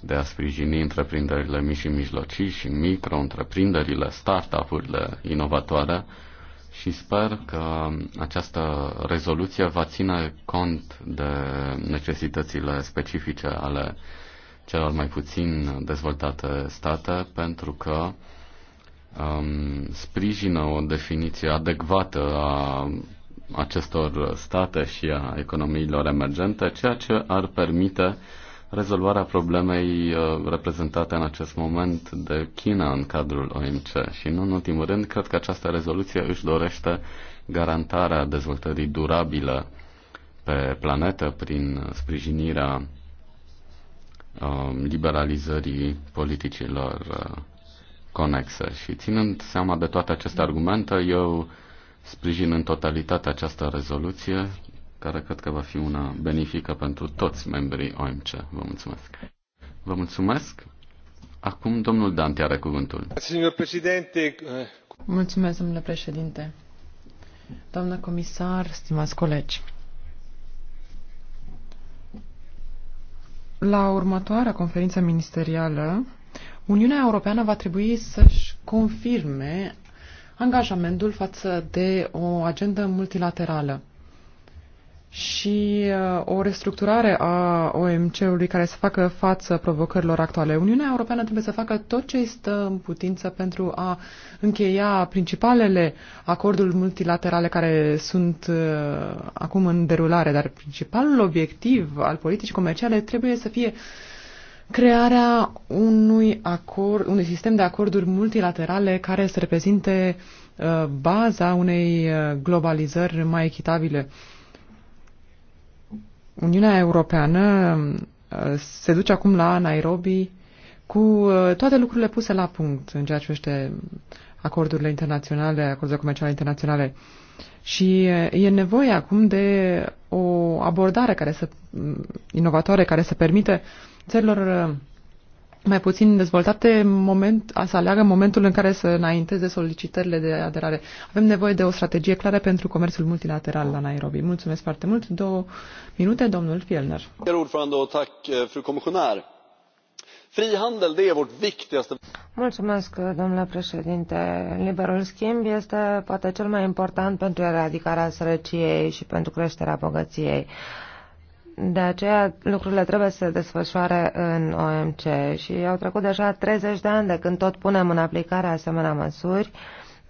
de a sprijini întreprinderile mici și mijlocii și micro-întreprinderile, start-up-urile inovatoare, și sper că această rezoluție va ține cont de necesitățile specifice ale celor mai puțin dezvoltate state, pentru că um, sprijină o definiție adecvată a acestor state și a economiilor emergente, ceea ce ar permite uh, rezolvarea problemei uh, reprezentate în acest moment de China în cadrul OMC. Și nu în ultimul rând, cred că această rezoluție își dorește garantarea dezvoltării durabile pe planetă prin sprijinirea uh, liberalizării politicilor uh, conexe. Și ținând seama de toate aceste argumente, eu sprijin în totalitate această rezoluție care cred că va fi una benefică pentru toți membrii OMC. Vă mulțumesc. Vă mulțumesc. Acum domnul Dante are cuvântul. Mulțumesc, domnule președinte. Doamna comisar, stimați colegi. La următoarea conferință ministerială, Uniunea Europeană va trebui să-și confirme angajamentul față de o agendă multilaterală și uh, o restructurare a OMC-ului care să facă față provocărilor actuale. Uniunea Europeană trebuie să facă tot ce îi stă în putință pentru a încheia principalele acorduri multilaterale care sunt uh, acum în derulare, dar principalul obiectiv al politicii comerciale trebuie să fie crearea unui acord, unui sistem de acorduri multilaterale care să reprezinte uh, baza unei globalizări mai echitabile Uniunea Europeană uh, se duce acum la Nairobi cu uh, toate lucrurile puse la punct în ceea ce privește acordurile internaționale, acordurile comerciale internaționale. Și uh, e nevoie acum de o abordare care să, mm, inovatoare care să permite țărilor mai puțin dezvoltate moment, a să aleagă momentul în care să înainteze solicitările de aderare. Avem nevoie de o strategie clară pentru comerțul multilateral la Nairobi. Mulțumesc foarte mult. Două minute, domnul Fielner. Eh, Mulțumesc, domnule președinte. Liberul schimb este poate cel mai important pentru eradicarea sărăciei și pentru creșterea bogăției. De aceea lucrurile trebuie să se desfășoare în OMC și au trecut deja 30 de ani de când tot punem în aplicare asemenea măsuri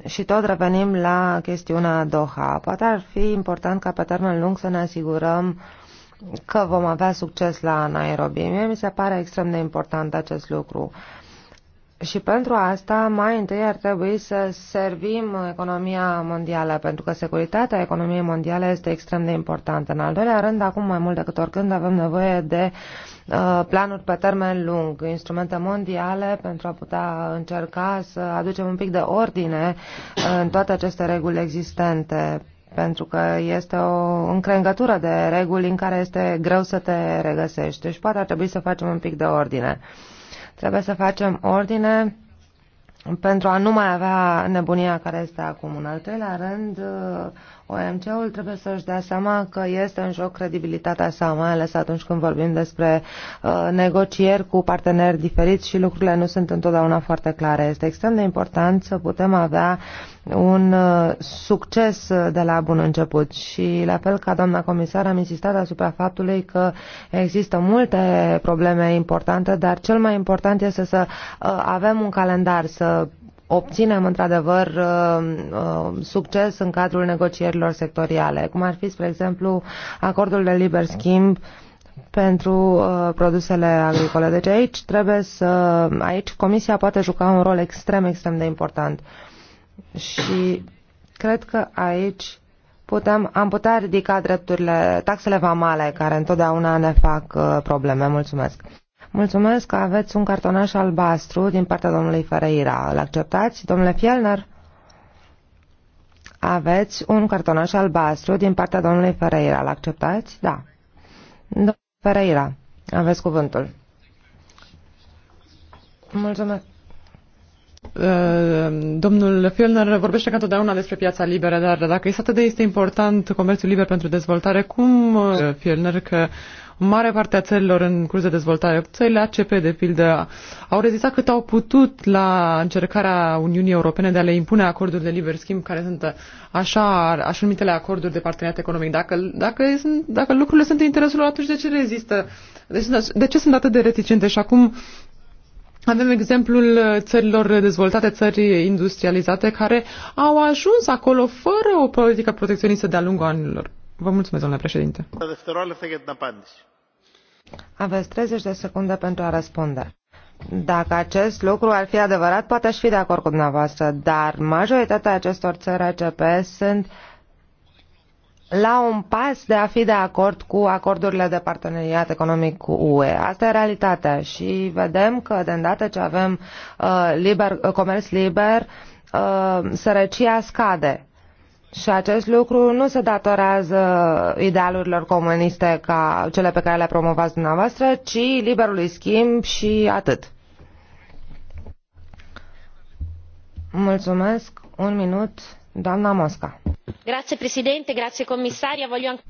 și tot revenim la chestiunea Doha. Poate ar fi important ca pe termen lung să ne asigurăm că vom avea succes la Nairobi. Mie mi se pare extrem de important acest lucru. Uh, și pentru asta, mai întâi ar trebui să servim economia mondială, pentru că securitatea economiei mondiale este extrem de importantă. În al doilea rând, acum mai mult decât oricând, avem nevoie de uh, planuri pe termen lung, instrumente mondiale pentru a putea încerca să aducem un pic de ordine uh, în toate aceste reguli existente pentru că este o încrengătură de reguli în care este greu să te regăsești. Deci poate ar trebui să facem un pic de ordine. Uh, Trebuie să facem ordine pentru a nu mai avea nebunia care este acum. În al treilea rând, OMC-ul trebuie să-și dea seama că este în joc credibilitatea sa, mai ales atunci când vorbim despre uh, negocieri cu parteneri diferiți și lucrurile nu sunt întotdeauna foarte clare. Este extrem de important să putem avea un uh, succes de la bun început și la fel ca doamna comisar am insistat asupra faptului că există multe probleme importante, dar cel mai important este să uh, avem un calendar, să obținem într-adevăr uh, uh, succes în cadrul negocierilor sectoriale, cum ar fi, spre exemplu, acordul de liber schimb pentru uh, produsele agricole. Deci aici trebuie să aici comisia poate juca un rol extrem extrem de important. Și cred că aici putem, am putea ridica drepturile, taxele vamale care întotdeauna ne fac uh, probleme. Mulțumesc. Mulțumesc că aveți un cartonaș albastru din partea domnului Ferreira. Îl acceptați, domnule Fielner? Aveți un cartonaș albastru din partea domnului Ferreira. Îl acceptați? Da. Domnul Ferreira, aveți cuvântul. Mulțumesc. Uh, domnul Fielner vorbește ca întotdeauna despre piața liberă, dar dacă este atât de este important comerțul liber pentru dezvoltare, cum, uh, Fielner, că mare parte a țărilor în curs de dezvoltare, țările ACP, de pildă, au rezistat cât au putut la încercarea Uniunii Europene de a le impune acorduri de liber schimb, care sunt așa, așa numitele acorduri de parteneriat economic. Dacă, dacă, sunt, dacă lucrurile sunt în interesul lor, atunci de ce rezistă? ce, deci de ce sunt atât de reticente? Și acum avem exemplul țărilor dezvoltate, țări industrializate, care au ajuns acolo fără o politică protecționistă de-a lungul anilor. Vă mulțumesc, domnule președinte. Aveți 30 de secunde pentru a răspunde. Dacă acest lucru ar fi adevărat, poate aș fi de acord cu dumneavoastră, dar majoritatea acestor țări ACP sunt la un pas de a fi de acord cu acordurile de parteneriat economic cu UE. Asta e realitatea și vedem că de îndată ce avem uh, liber, comerț liber, uh, sărăcia scade și acest lucru nu se datorează idealurilor comuniste ca cele pe care le promovați dumneavoastră, ci liberului schimb și atât. Mulțumesc. Un minut, doamna Mosca. Grazie, președinte, grazie, comisaria. Voglio...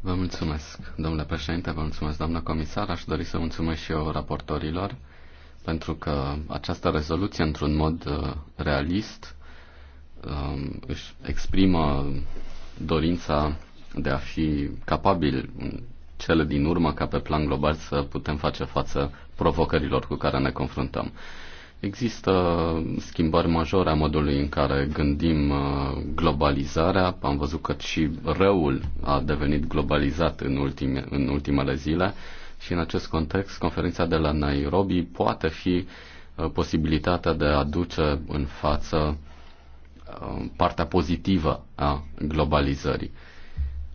Vă mulțumesc, domnule președinte, vă mulțumesc, doamna comisar. Aș dori să mulțumesc și eu raportorilor pentru că această rezoluție, într-un mod uh, realist, um, își exprimă dorința de a fi capabil în cele din urmă ca pe plan global să putem face față provocărilor cu care ne confruntăm. Există schimbări majore a modului în care gândim uh, globalizarea. Am văzut că și răul a devenit globalizat în, ultime, în ultimele zile și în acest context conferința de la Nairobi poate fi uh, posibilitatea de a aduce în față uh, partea pozitivă a globalizării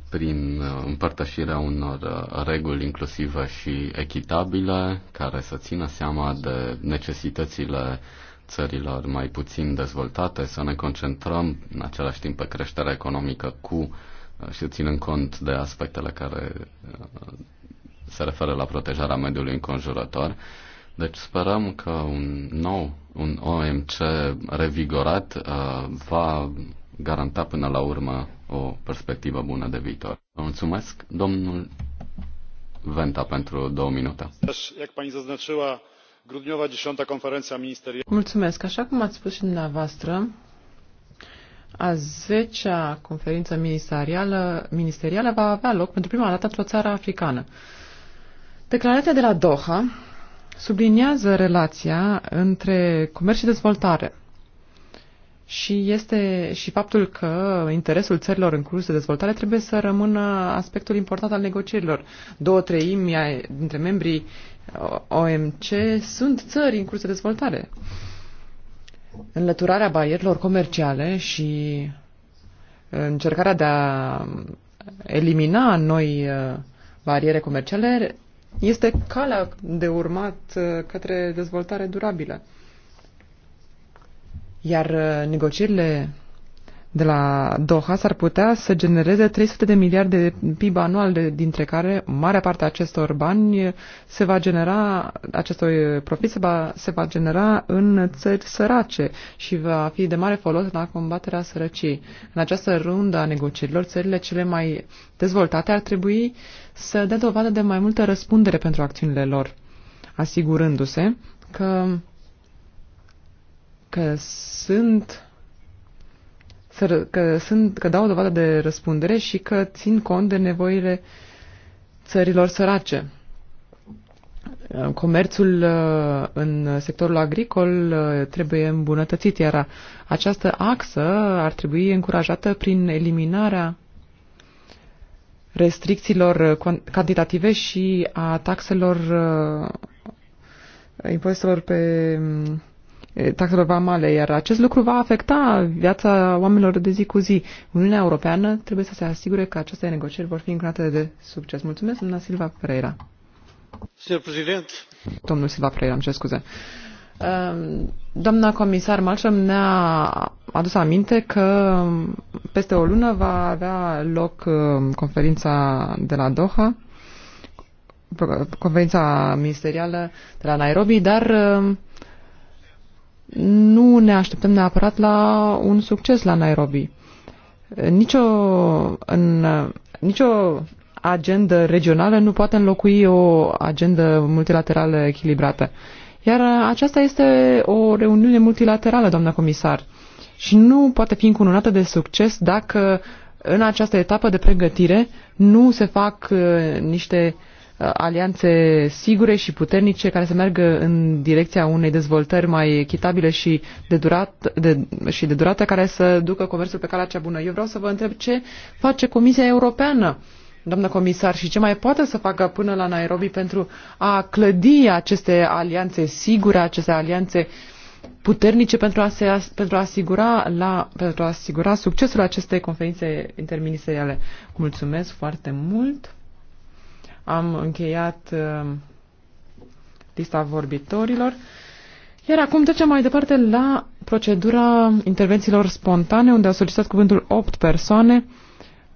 prin uh, împărtășirea unor uh, reguli inclusive și echitabile care să țină seama de necesitățile țărilor mai puțin dezvoltate, să ne concentrăm în același timp pe creșterea economică cu uh, și ținând cont de aspectele care se referă la protejarea mediului înconjurător deci sperăm că un nou, un OMC revigorat uh, va garanta până la urmă o perspectivă bună de viitor. Vă mulțumesc, domnul Venta, pentru două minute. Mulțumesc. Așa cum ați spus și dumneavoastră, a 10-a conferință ministerială, ministerială va avea loc pentru prima dată într-o țară africană. Declarația de la Doha subliniază relația între comerț și dezvoltare. Și este și faptul că interesul țărilor în curs de dezvoltare trebuie să rămână aspectul important al negocierilor. Două treimi dintre membrii OMC sunt țări în curs de dezvoltare. Înlăturarea barierilor comerciale și încercarea de a elimina noi uh, bariere comerciale este calea de urmat uh, către dezvoltare durabilă. Iar uh, negocierile de la Doha s-ar putea să genereze 300 de miliarde de PIB anual, dintre care marea parte a acestor bani uh, se va genera, acestor profit se va, se va genera în țări sărace și va fi de mare folos la combaterea sărăciei. În această rundă a negocierilor, țările cele mai dezvoltate ar trebui uh, să dea dovadă de mai multă răspundere pentru acțiunile lor, asigurându-se că, că sunt că, sunt, că dau dovadă de răspundere și că țin cont de nevoile țărilor sărace. Comerțul uh, în sectorul agricol uh, trebuie îmbunătățit, iar această axă ar trebui încurajată prin eliminarea restricțiilor uh, cantitative și a taxelor uh, impozitelor pe mm, taxelor vamale, iar acest lucru va afecta viața oamenilor de zi cu zi. Uniunea Europeană trebuie să se asigure că aceste negocieri vor fi încurate de succes. Mulțumesc, doamna Silva Pereira. Domnul Silva Pereira, îmi cer scuze. Uh, Um, doamna comisar Malcolm ne-a adus aminte că peste o lună va avea loc um, conferința de la Doha, conferința ministerială de la Nairobi, dar um, nu ne așteptăm neapărat la un succes la Nairobi. Nicio, în, nicio agendă regională nu poate înlocui o agendă multilaterală echilibrată. Iar uh, aceasta este o reuniune multilaterală, doamna comisar, și nu poate fi încununată de succes dacă în această etapă de pregătire nu se fac uh, niște uh, alianțe sigure și puternice care să meargă în direcția unei dezvoltări mai echitabile și de, durat, de, și de durată care să ducă comerțul pe calea cea bună. Eu vreau să vă întreb ce face Comisia Europeană uh, doamnă comisar, și ce mai poate să facă până la Nairobi pentru a clădi aceste alianțe sigure, aceste alianțe puternice pentru a, se, pentru a, asigura, la, pentru a asigura succesul acestei conferințe interministeriale. Mulțumesc foarte mult. Am încheiat uh, lista vorbitorilor. Iar acum trecem mai departe la procedura intervențiilor spontane, unde au solicitat cuvântul 8 persoane.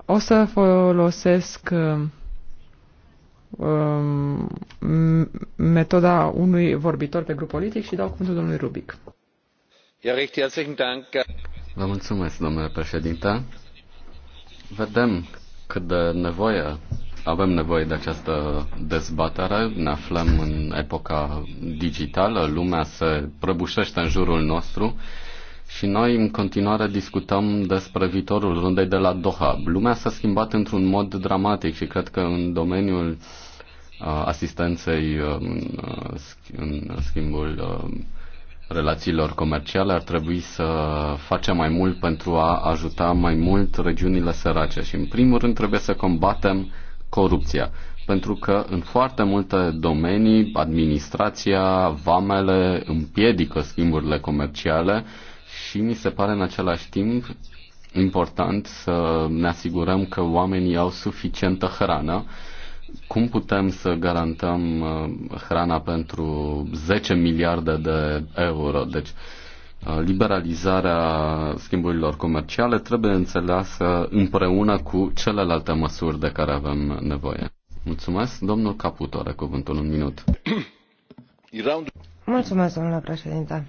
O să folosesc um, metoda unui vorbitor pe grup politic și dau cuvântul domnului Rubic. Vă mulțumesc, domnule președinte. Vedem cât de nevoie avem nevoie de această dezbatere. Ne aflăm în epoca digitală, lumea se prăbușește în jurul nostru și noi în continuare discutăm despre viitorul rundei de la Doha. Lumea s-a schimbat într-un mod dramatic și cred că în domeniul uh, asistenței uh, uh, în schimbul relațiilor comerciale ar trebui să facem mai mult pentru a ajuta mai mult regiunile sărace și în primul rând trebuie să combatem corupția pentru că în foarte multe domenii administrația, vamele împiedică schimburile comerciale și mi se pare în același timp important să ne asigurăm că oamenii au suficientă hrană. Cum putem să garantăm uh, hrana pentru 10 miliarde de euro? Deci, uh, liberalizarea schimburilor comerciale trebuie înțeleasă împreună cu celelalte măsuri de care avem nevoie. Mulțumesc. Domnul Caputo are cuvântul un minut. Mulțumesc, domnule președinte.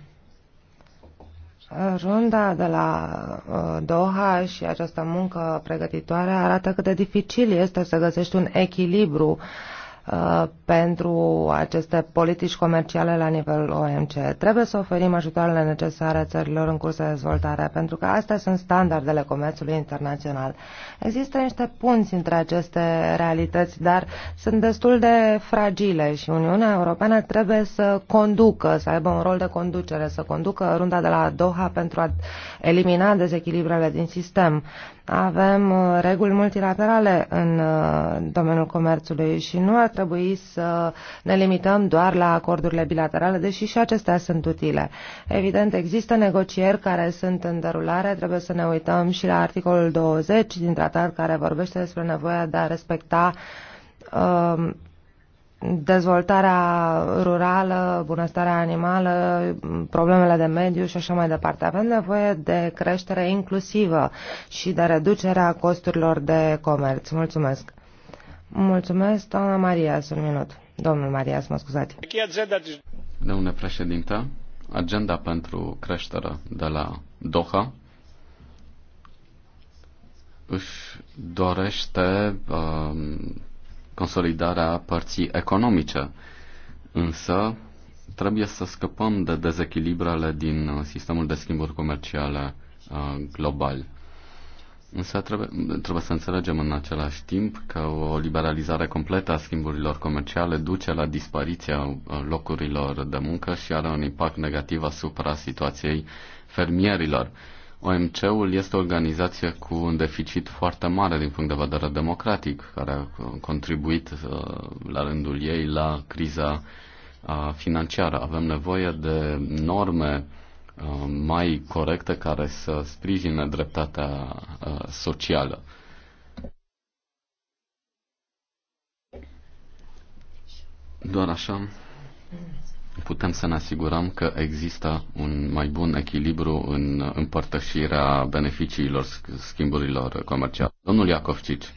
Runda de la uh, Doha și această muncă pregătitoare arată cât de dificil este să găsești un echilibru Uh, pentru aceste politici comerciale la nivel OMC. Trebuie să oferim ajutoarele necesare țărilor în curs de dezvoltare, pentru că astea sunt standardele comerțului internațional. Există niște punți între aceste realități, dar sunt destul de fragile și Uniunea Europeană trebuie să conducă, să aibă un rol de conducere, să conducă runda de la Doha pentru a elimina dezechilibrele din sistem. Avem uh, reguli multilaterale în uh, domeniul comerțului și nu ar trebui să ne limităm doar la acordurile bilaterale, deși și acestea sunt utile. Evident, există negocieri care sunt în derulare, trebuie să ne uităm și la articolul 20 din tratat care vorbește despre nevoia de a respecta uh, dezvoltarea rurală, bunăstarea animală, problemele de mediu și așa mai departe. Avem nevoie de creștere inclusivă și de reducerea costurilor de comerț. Mulțumesc! Mulțumesc, doamna Maria, un minut. Domnul Maria, mă scuzați. Domnule președinte, agenda pentru creștere de la Doha își dorește uh, consolidarea părții economice. Însă, trebuie să scăpăm de dezechilibrele din sistemul de schimburi comerciale uh, global. Însă trebuie, trebuie să înțelegem în același timp că o liberalizare completă a schimburilor comerciale duce la dispariția uh, locurilor de muncă și are un impact negativ asupra situației fermierilor. OMC-ul este o organizație cu un deficit foarte mare din punct de vedere democratic, care a contribuit uh, la rândul ei la criza uh, financiară. Avem nevoie de norme uh, mai corecte care să sprijine dreptatea socială. Doar așa putem să ne asigurăm că există un mai bun echilibru în împărtășirea beneficiilor schimburilor comerciale. Domnul Iacovcici.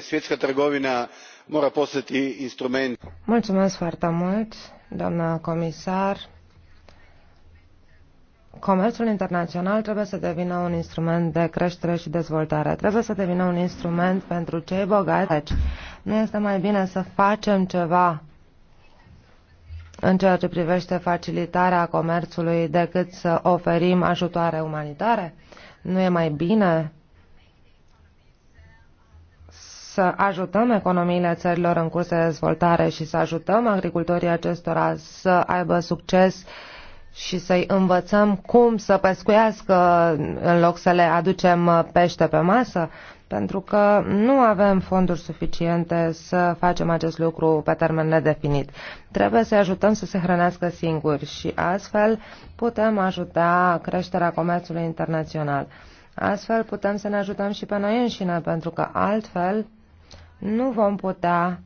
Svjetska trgovina mora postati instrument. Mulțumesc foarte mult, doamna comisar. Comerțul internațional trebuie să devină un instrument de creștere și dezvoltare. Trebuie să devină un instrument pentru cei bogați. Deci, nu este mai bine să facem ceva în ceea ce privește facilitarea comerțului decât să oferim ajutoare umanitare? Nu e mai bine să ajutăm economiile țărilor în curs de dezvoltare și să ajutăm agricultorii acestora să aibă succes și să-i învățăm cum să pescuiască în loc să le aducem pește pe masă? pentru că nu avem fonduri suficiente să facem acest lucru pe termen nedefinit. Trebuie să-i ajutăm să se hrănească singuri și astfel putem ajuta creșterea comerțului internațional. Astfel putem să ne ajutăm și pe noi înșine, pentru că altfel nu vom putea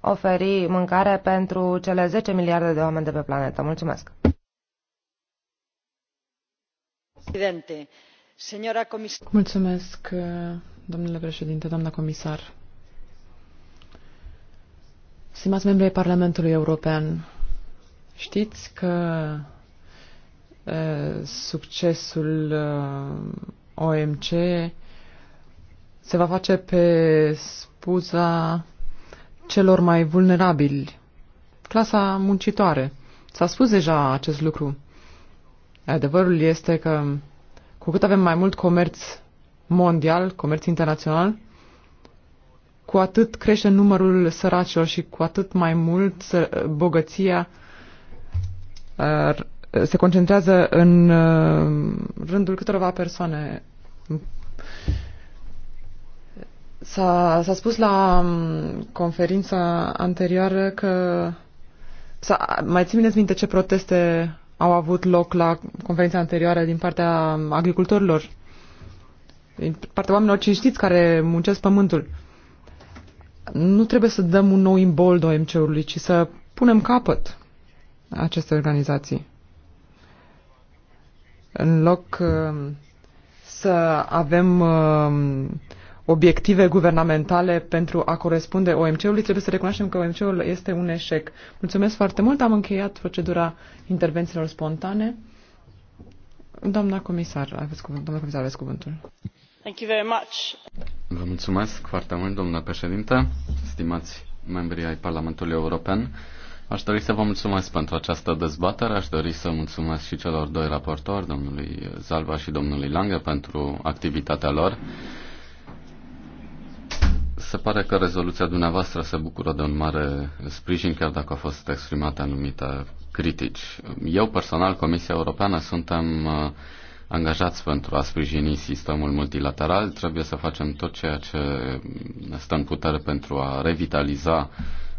oferi mâncare pentru cele 10 miliarde de oameni de pe planetă. Mulțumesc! Mulțumesc, domnule președinte, doamna comisar, stimați membri ai Parlamentului European, știți că succesul OMC se va face pe spuza celor mai vulnerabili, clasa muncitoare. S-a spus deja acest lucru. Adevărul este că cu cât avem mai mult comerț mondial, comerț internațional, cu atât crește numărul săracilor și cu atât mai mult bogăția uh, se concentrează în uh, rândul câtorva persoane. S-a, s-a spus la um, conferința anterioară că mai țin -ți minte ce proteste au avut loc la conferința anterioară din partea agricultorilor partea oamenilor cinstiți care muncesc pământul. Nu trebuie să dăm un nou imbold OMC-ului, ci să punem capăt acestei organizații. În loc uh, să avem uh, obiective guvernamentale pentru a corespunde OMC-ului, trebuie să recunoaștem că OMC-ul este un eșec. Mulțumesc foarte mult, am încheiat procedura intervențiilor spontane. Doamna comisar, aveți cuvântul. Doamna comisar, aveți cuvântul. Vă mulțumesc foarte mult, domnule președinte, stimați membrii ai Parlamentului European. Aș dori să vă mulțumesc pentru această dezbatere, aș dori să mulțumesc și celor doi raportori, domnului Zalva și domnului Lange, pentru activitatea lor. Se pare că rezoluția dumneavoastră se bucură de un mare sprijin, chiar dacă au fost exprimate anumite critici. Eu personal, Comisia Europeană, suntem uh, angajați pentru a sprijini sistemul multilateral. Trebuie să facem tot ceea ce stă în putere pentru a revitaliza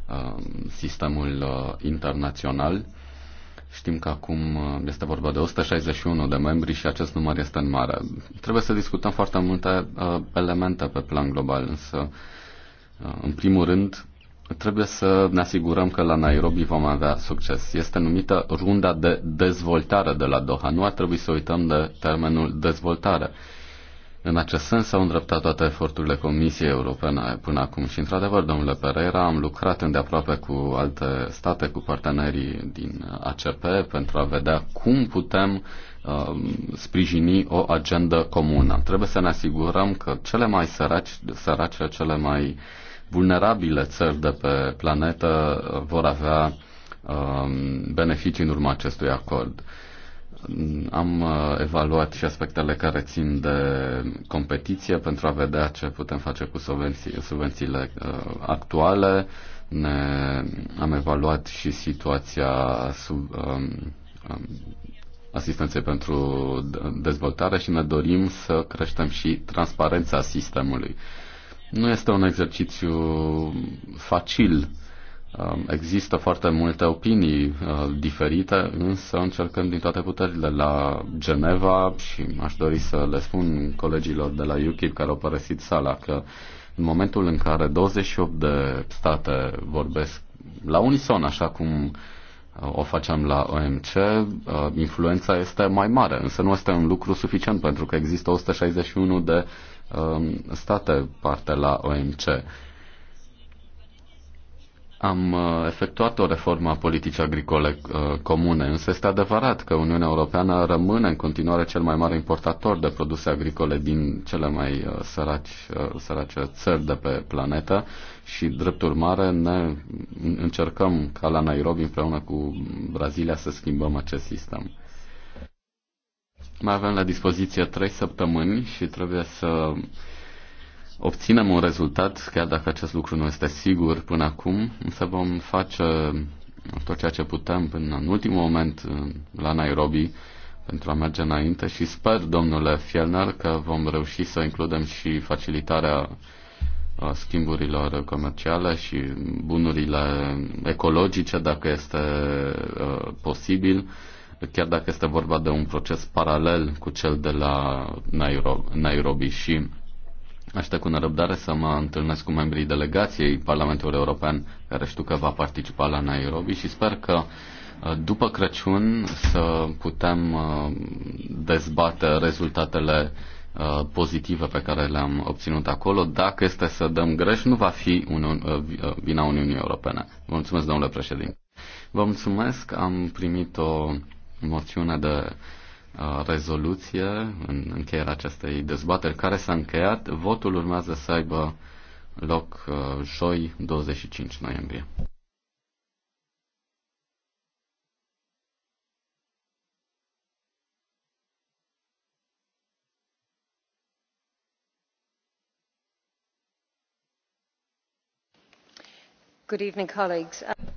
uh, sistemul uh, internațional. Știm că acum uh, este vorba de 161 de membri și acest număr este în mare. Trebuie să discutăm foarte multe elemente pe plan global, însă, în primul rând, trebuie să ne asigurăm că la Nairobi vom avea succes. Este numită runda de dezvoltare de la Doha. Nu ar trebui să uităm de termenul dezvoltare. În acest sens s-au îndreptat toate eforturile Comisiei Europene până acum și, într-adevăr, domnule Pereira, am lucrat îndeaproape cu alte state, cu partenerii din ACP, pentru a vedea cum putem uh, sprijini o agendă comună. Trebuie să ne asigurăm că cele mai săraci, săracele, cele mai uh, vulnerabile țări de pe planetă uh, vor avea um, beneficii în urma acestui acord. Am uh, evaluat și aspectele care țin de competiție pentru a vedea ce putem face cu subvenții, subvențiile uh, actuale. Ne, am evaluat și situația sub, um, um, asistenței pentru dezvoltare și ne dorim să creștem și transparența sistemului. Uh, nu este un exercițiu facil. Um, există foarte multe opinii uh, diferite, însă încercăm din toate puterile la Geneva și aș dori să le spun colegilor de la UKIP care au părăsit sala că în momentul în care 28 de state vorbesc la unison, așa cum uh, o facem la OMC, uh, influența este mai mare, însă nu este un lucru suficient pentru că există 161 de Um, state parte la OMC. Am uh, efectuat o reformă a politicii agricole uh, comune, însă este adevărat că Uniunea Europeană rămâne în continuare cel mai mare importator de produse agricole din cele mai uh, săraci, sărace țări de pe planetă și, drept urmare, ne încercăm ca la Nairobi împreună cu Brazilia să schimbăm acest sistem. Mai avem la dispoziție trei săptămâni și trebuie să obținem un rezultat, chiar dacă acest lucru nu este sigur până acum, să vom face tot ceea ce putem până în ultimul moment la Nairobi pentru a merge înainte și sper, domnule Fielner, că vom reuși să includem și facilitarea uh, schimburilor comerciale și bunurile ecologice, dacă este uh, posibil chiar dacă este vorba de un proces paralel cu cel de la Nairobi și aștept cu nerăbdare să mă întâlnesc cu membrii delegației Parlamentului European, care știu că va participa la Nairobi și sper că uh, după Crăciun să putem uh, dezbate rezultatele uh, pozitive pe care le-am obținut acolo. Dacă este să dăm greș, nu va fi Uniun, vina Uniunii Europene. Vă mulțumesc, domnule președinte. Vă mulțumesc, am primit o moțiune de uh, rezoluție în încheierea acestei dezbateri care s-a încheiat. Votul urmează să aibă loc uh, joi 25 noiembrie. Good evening, colleagues.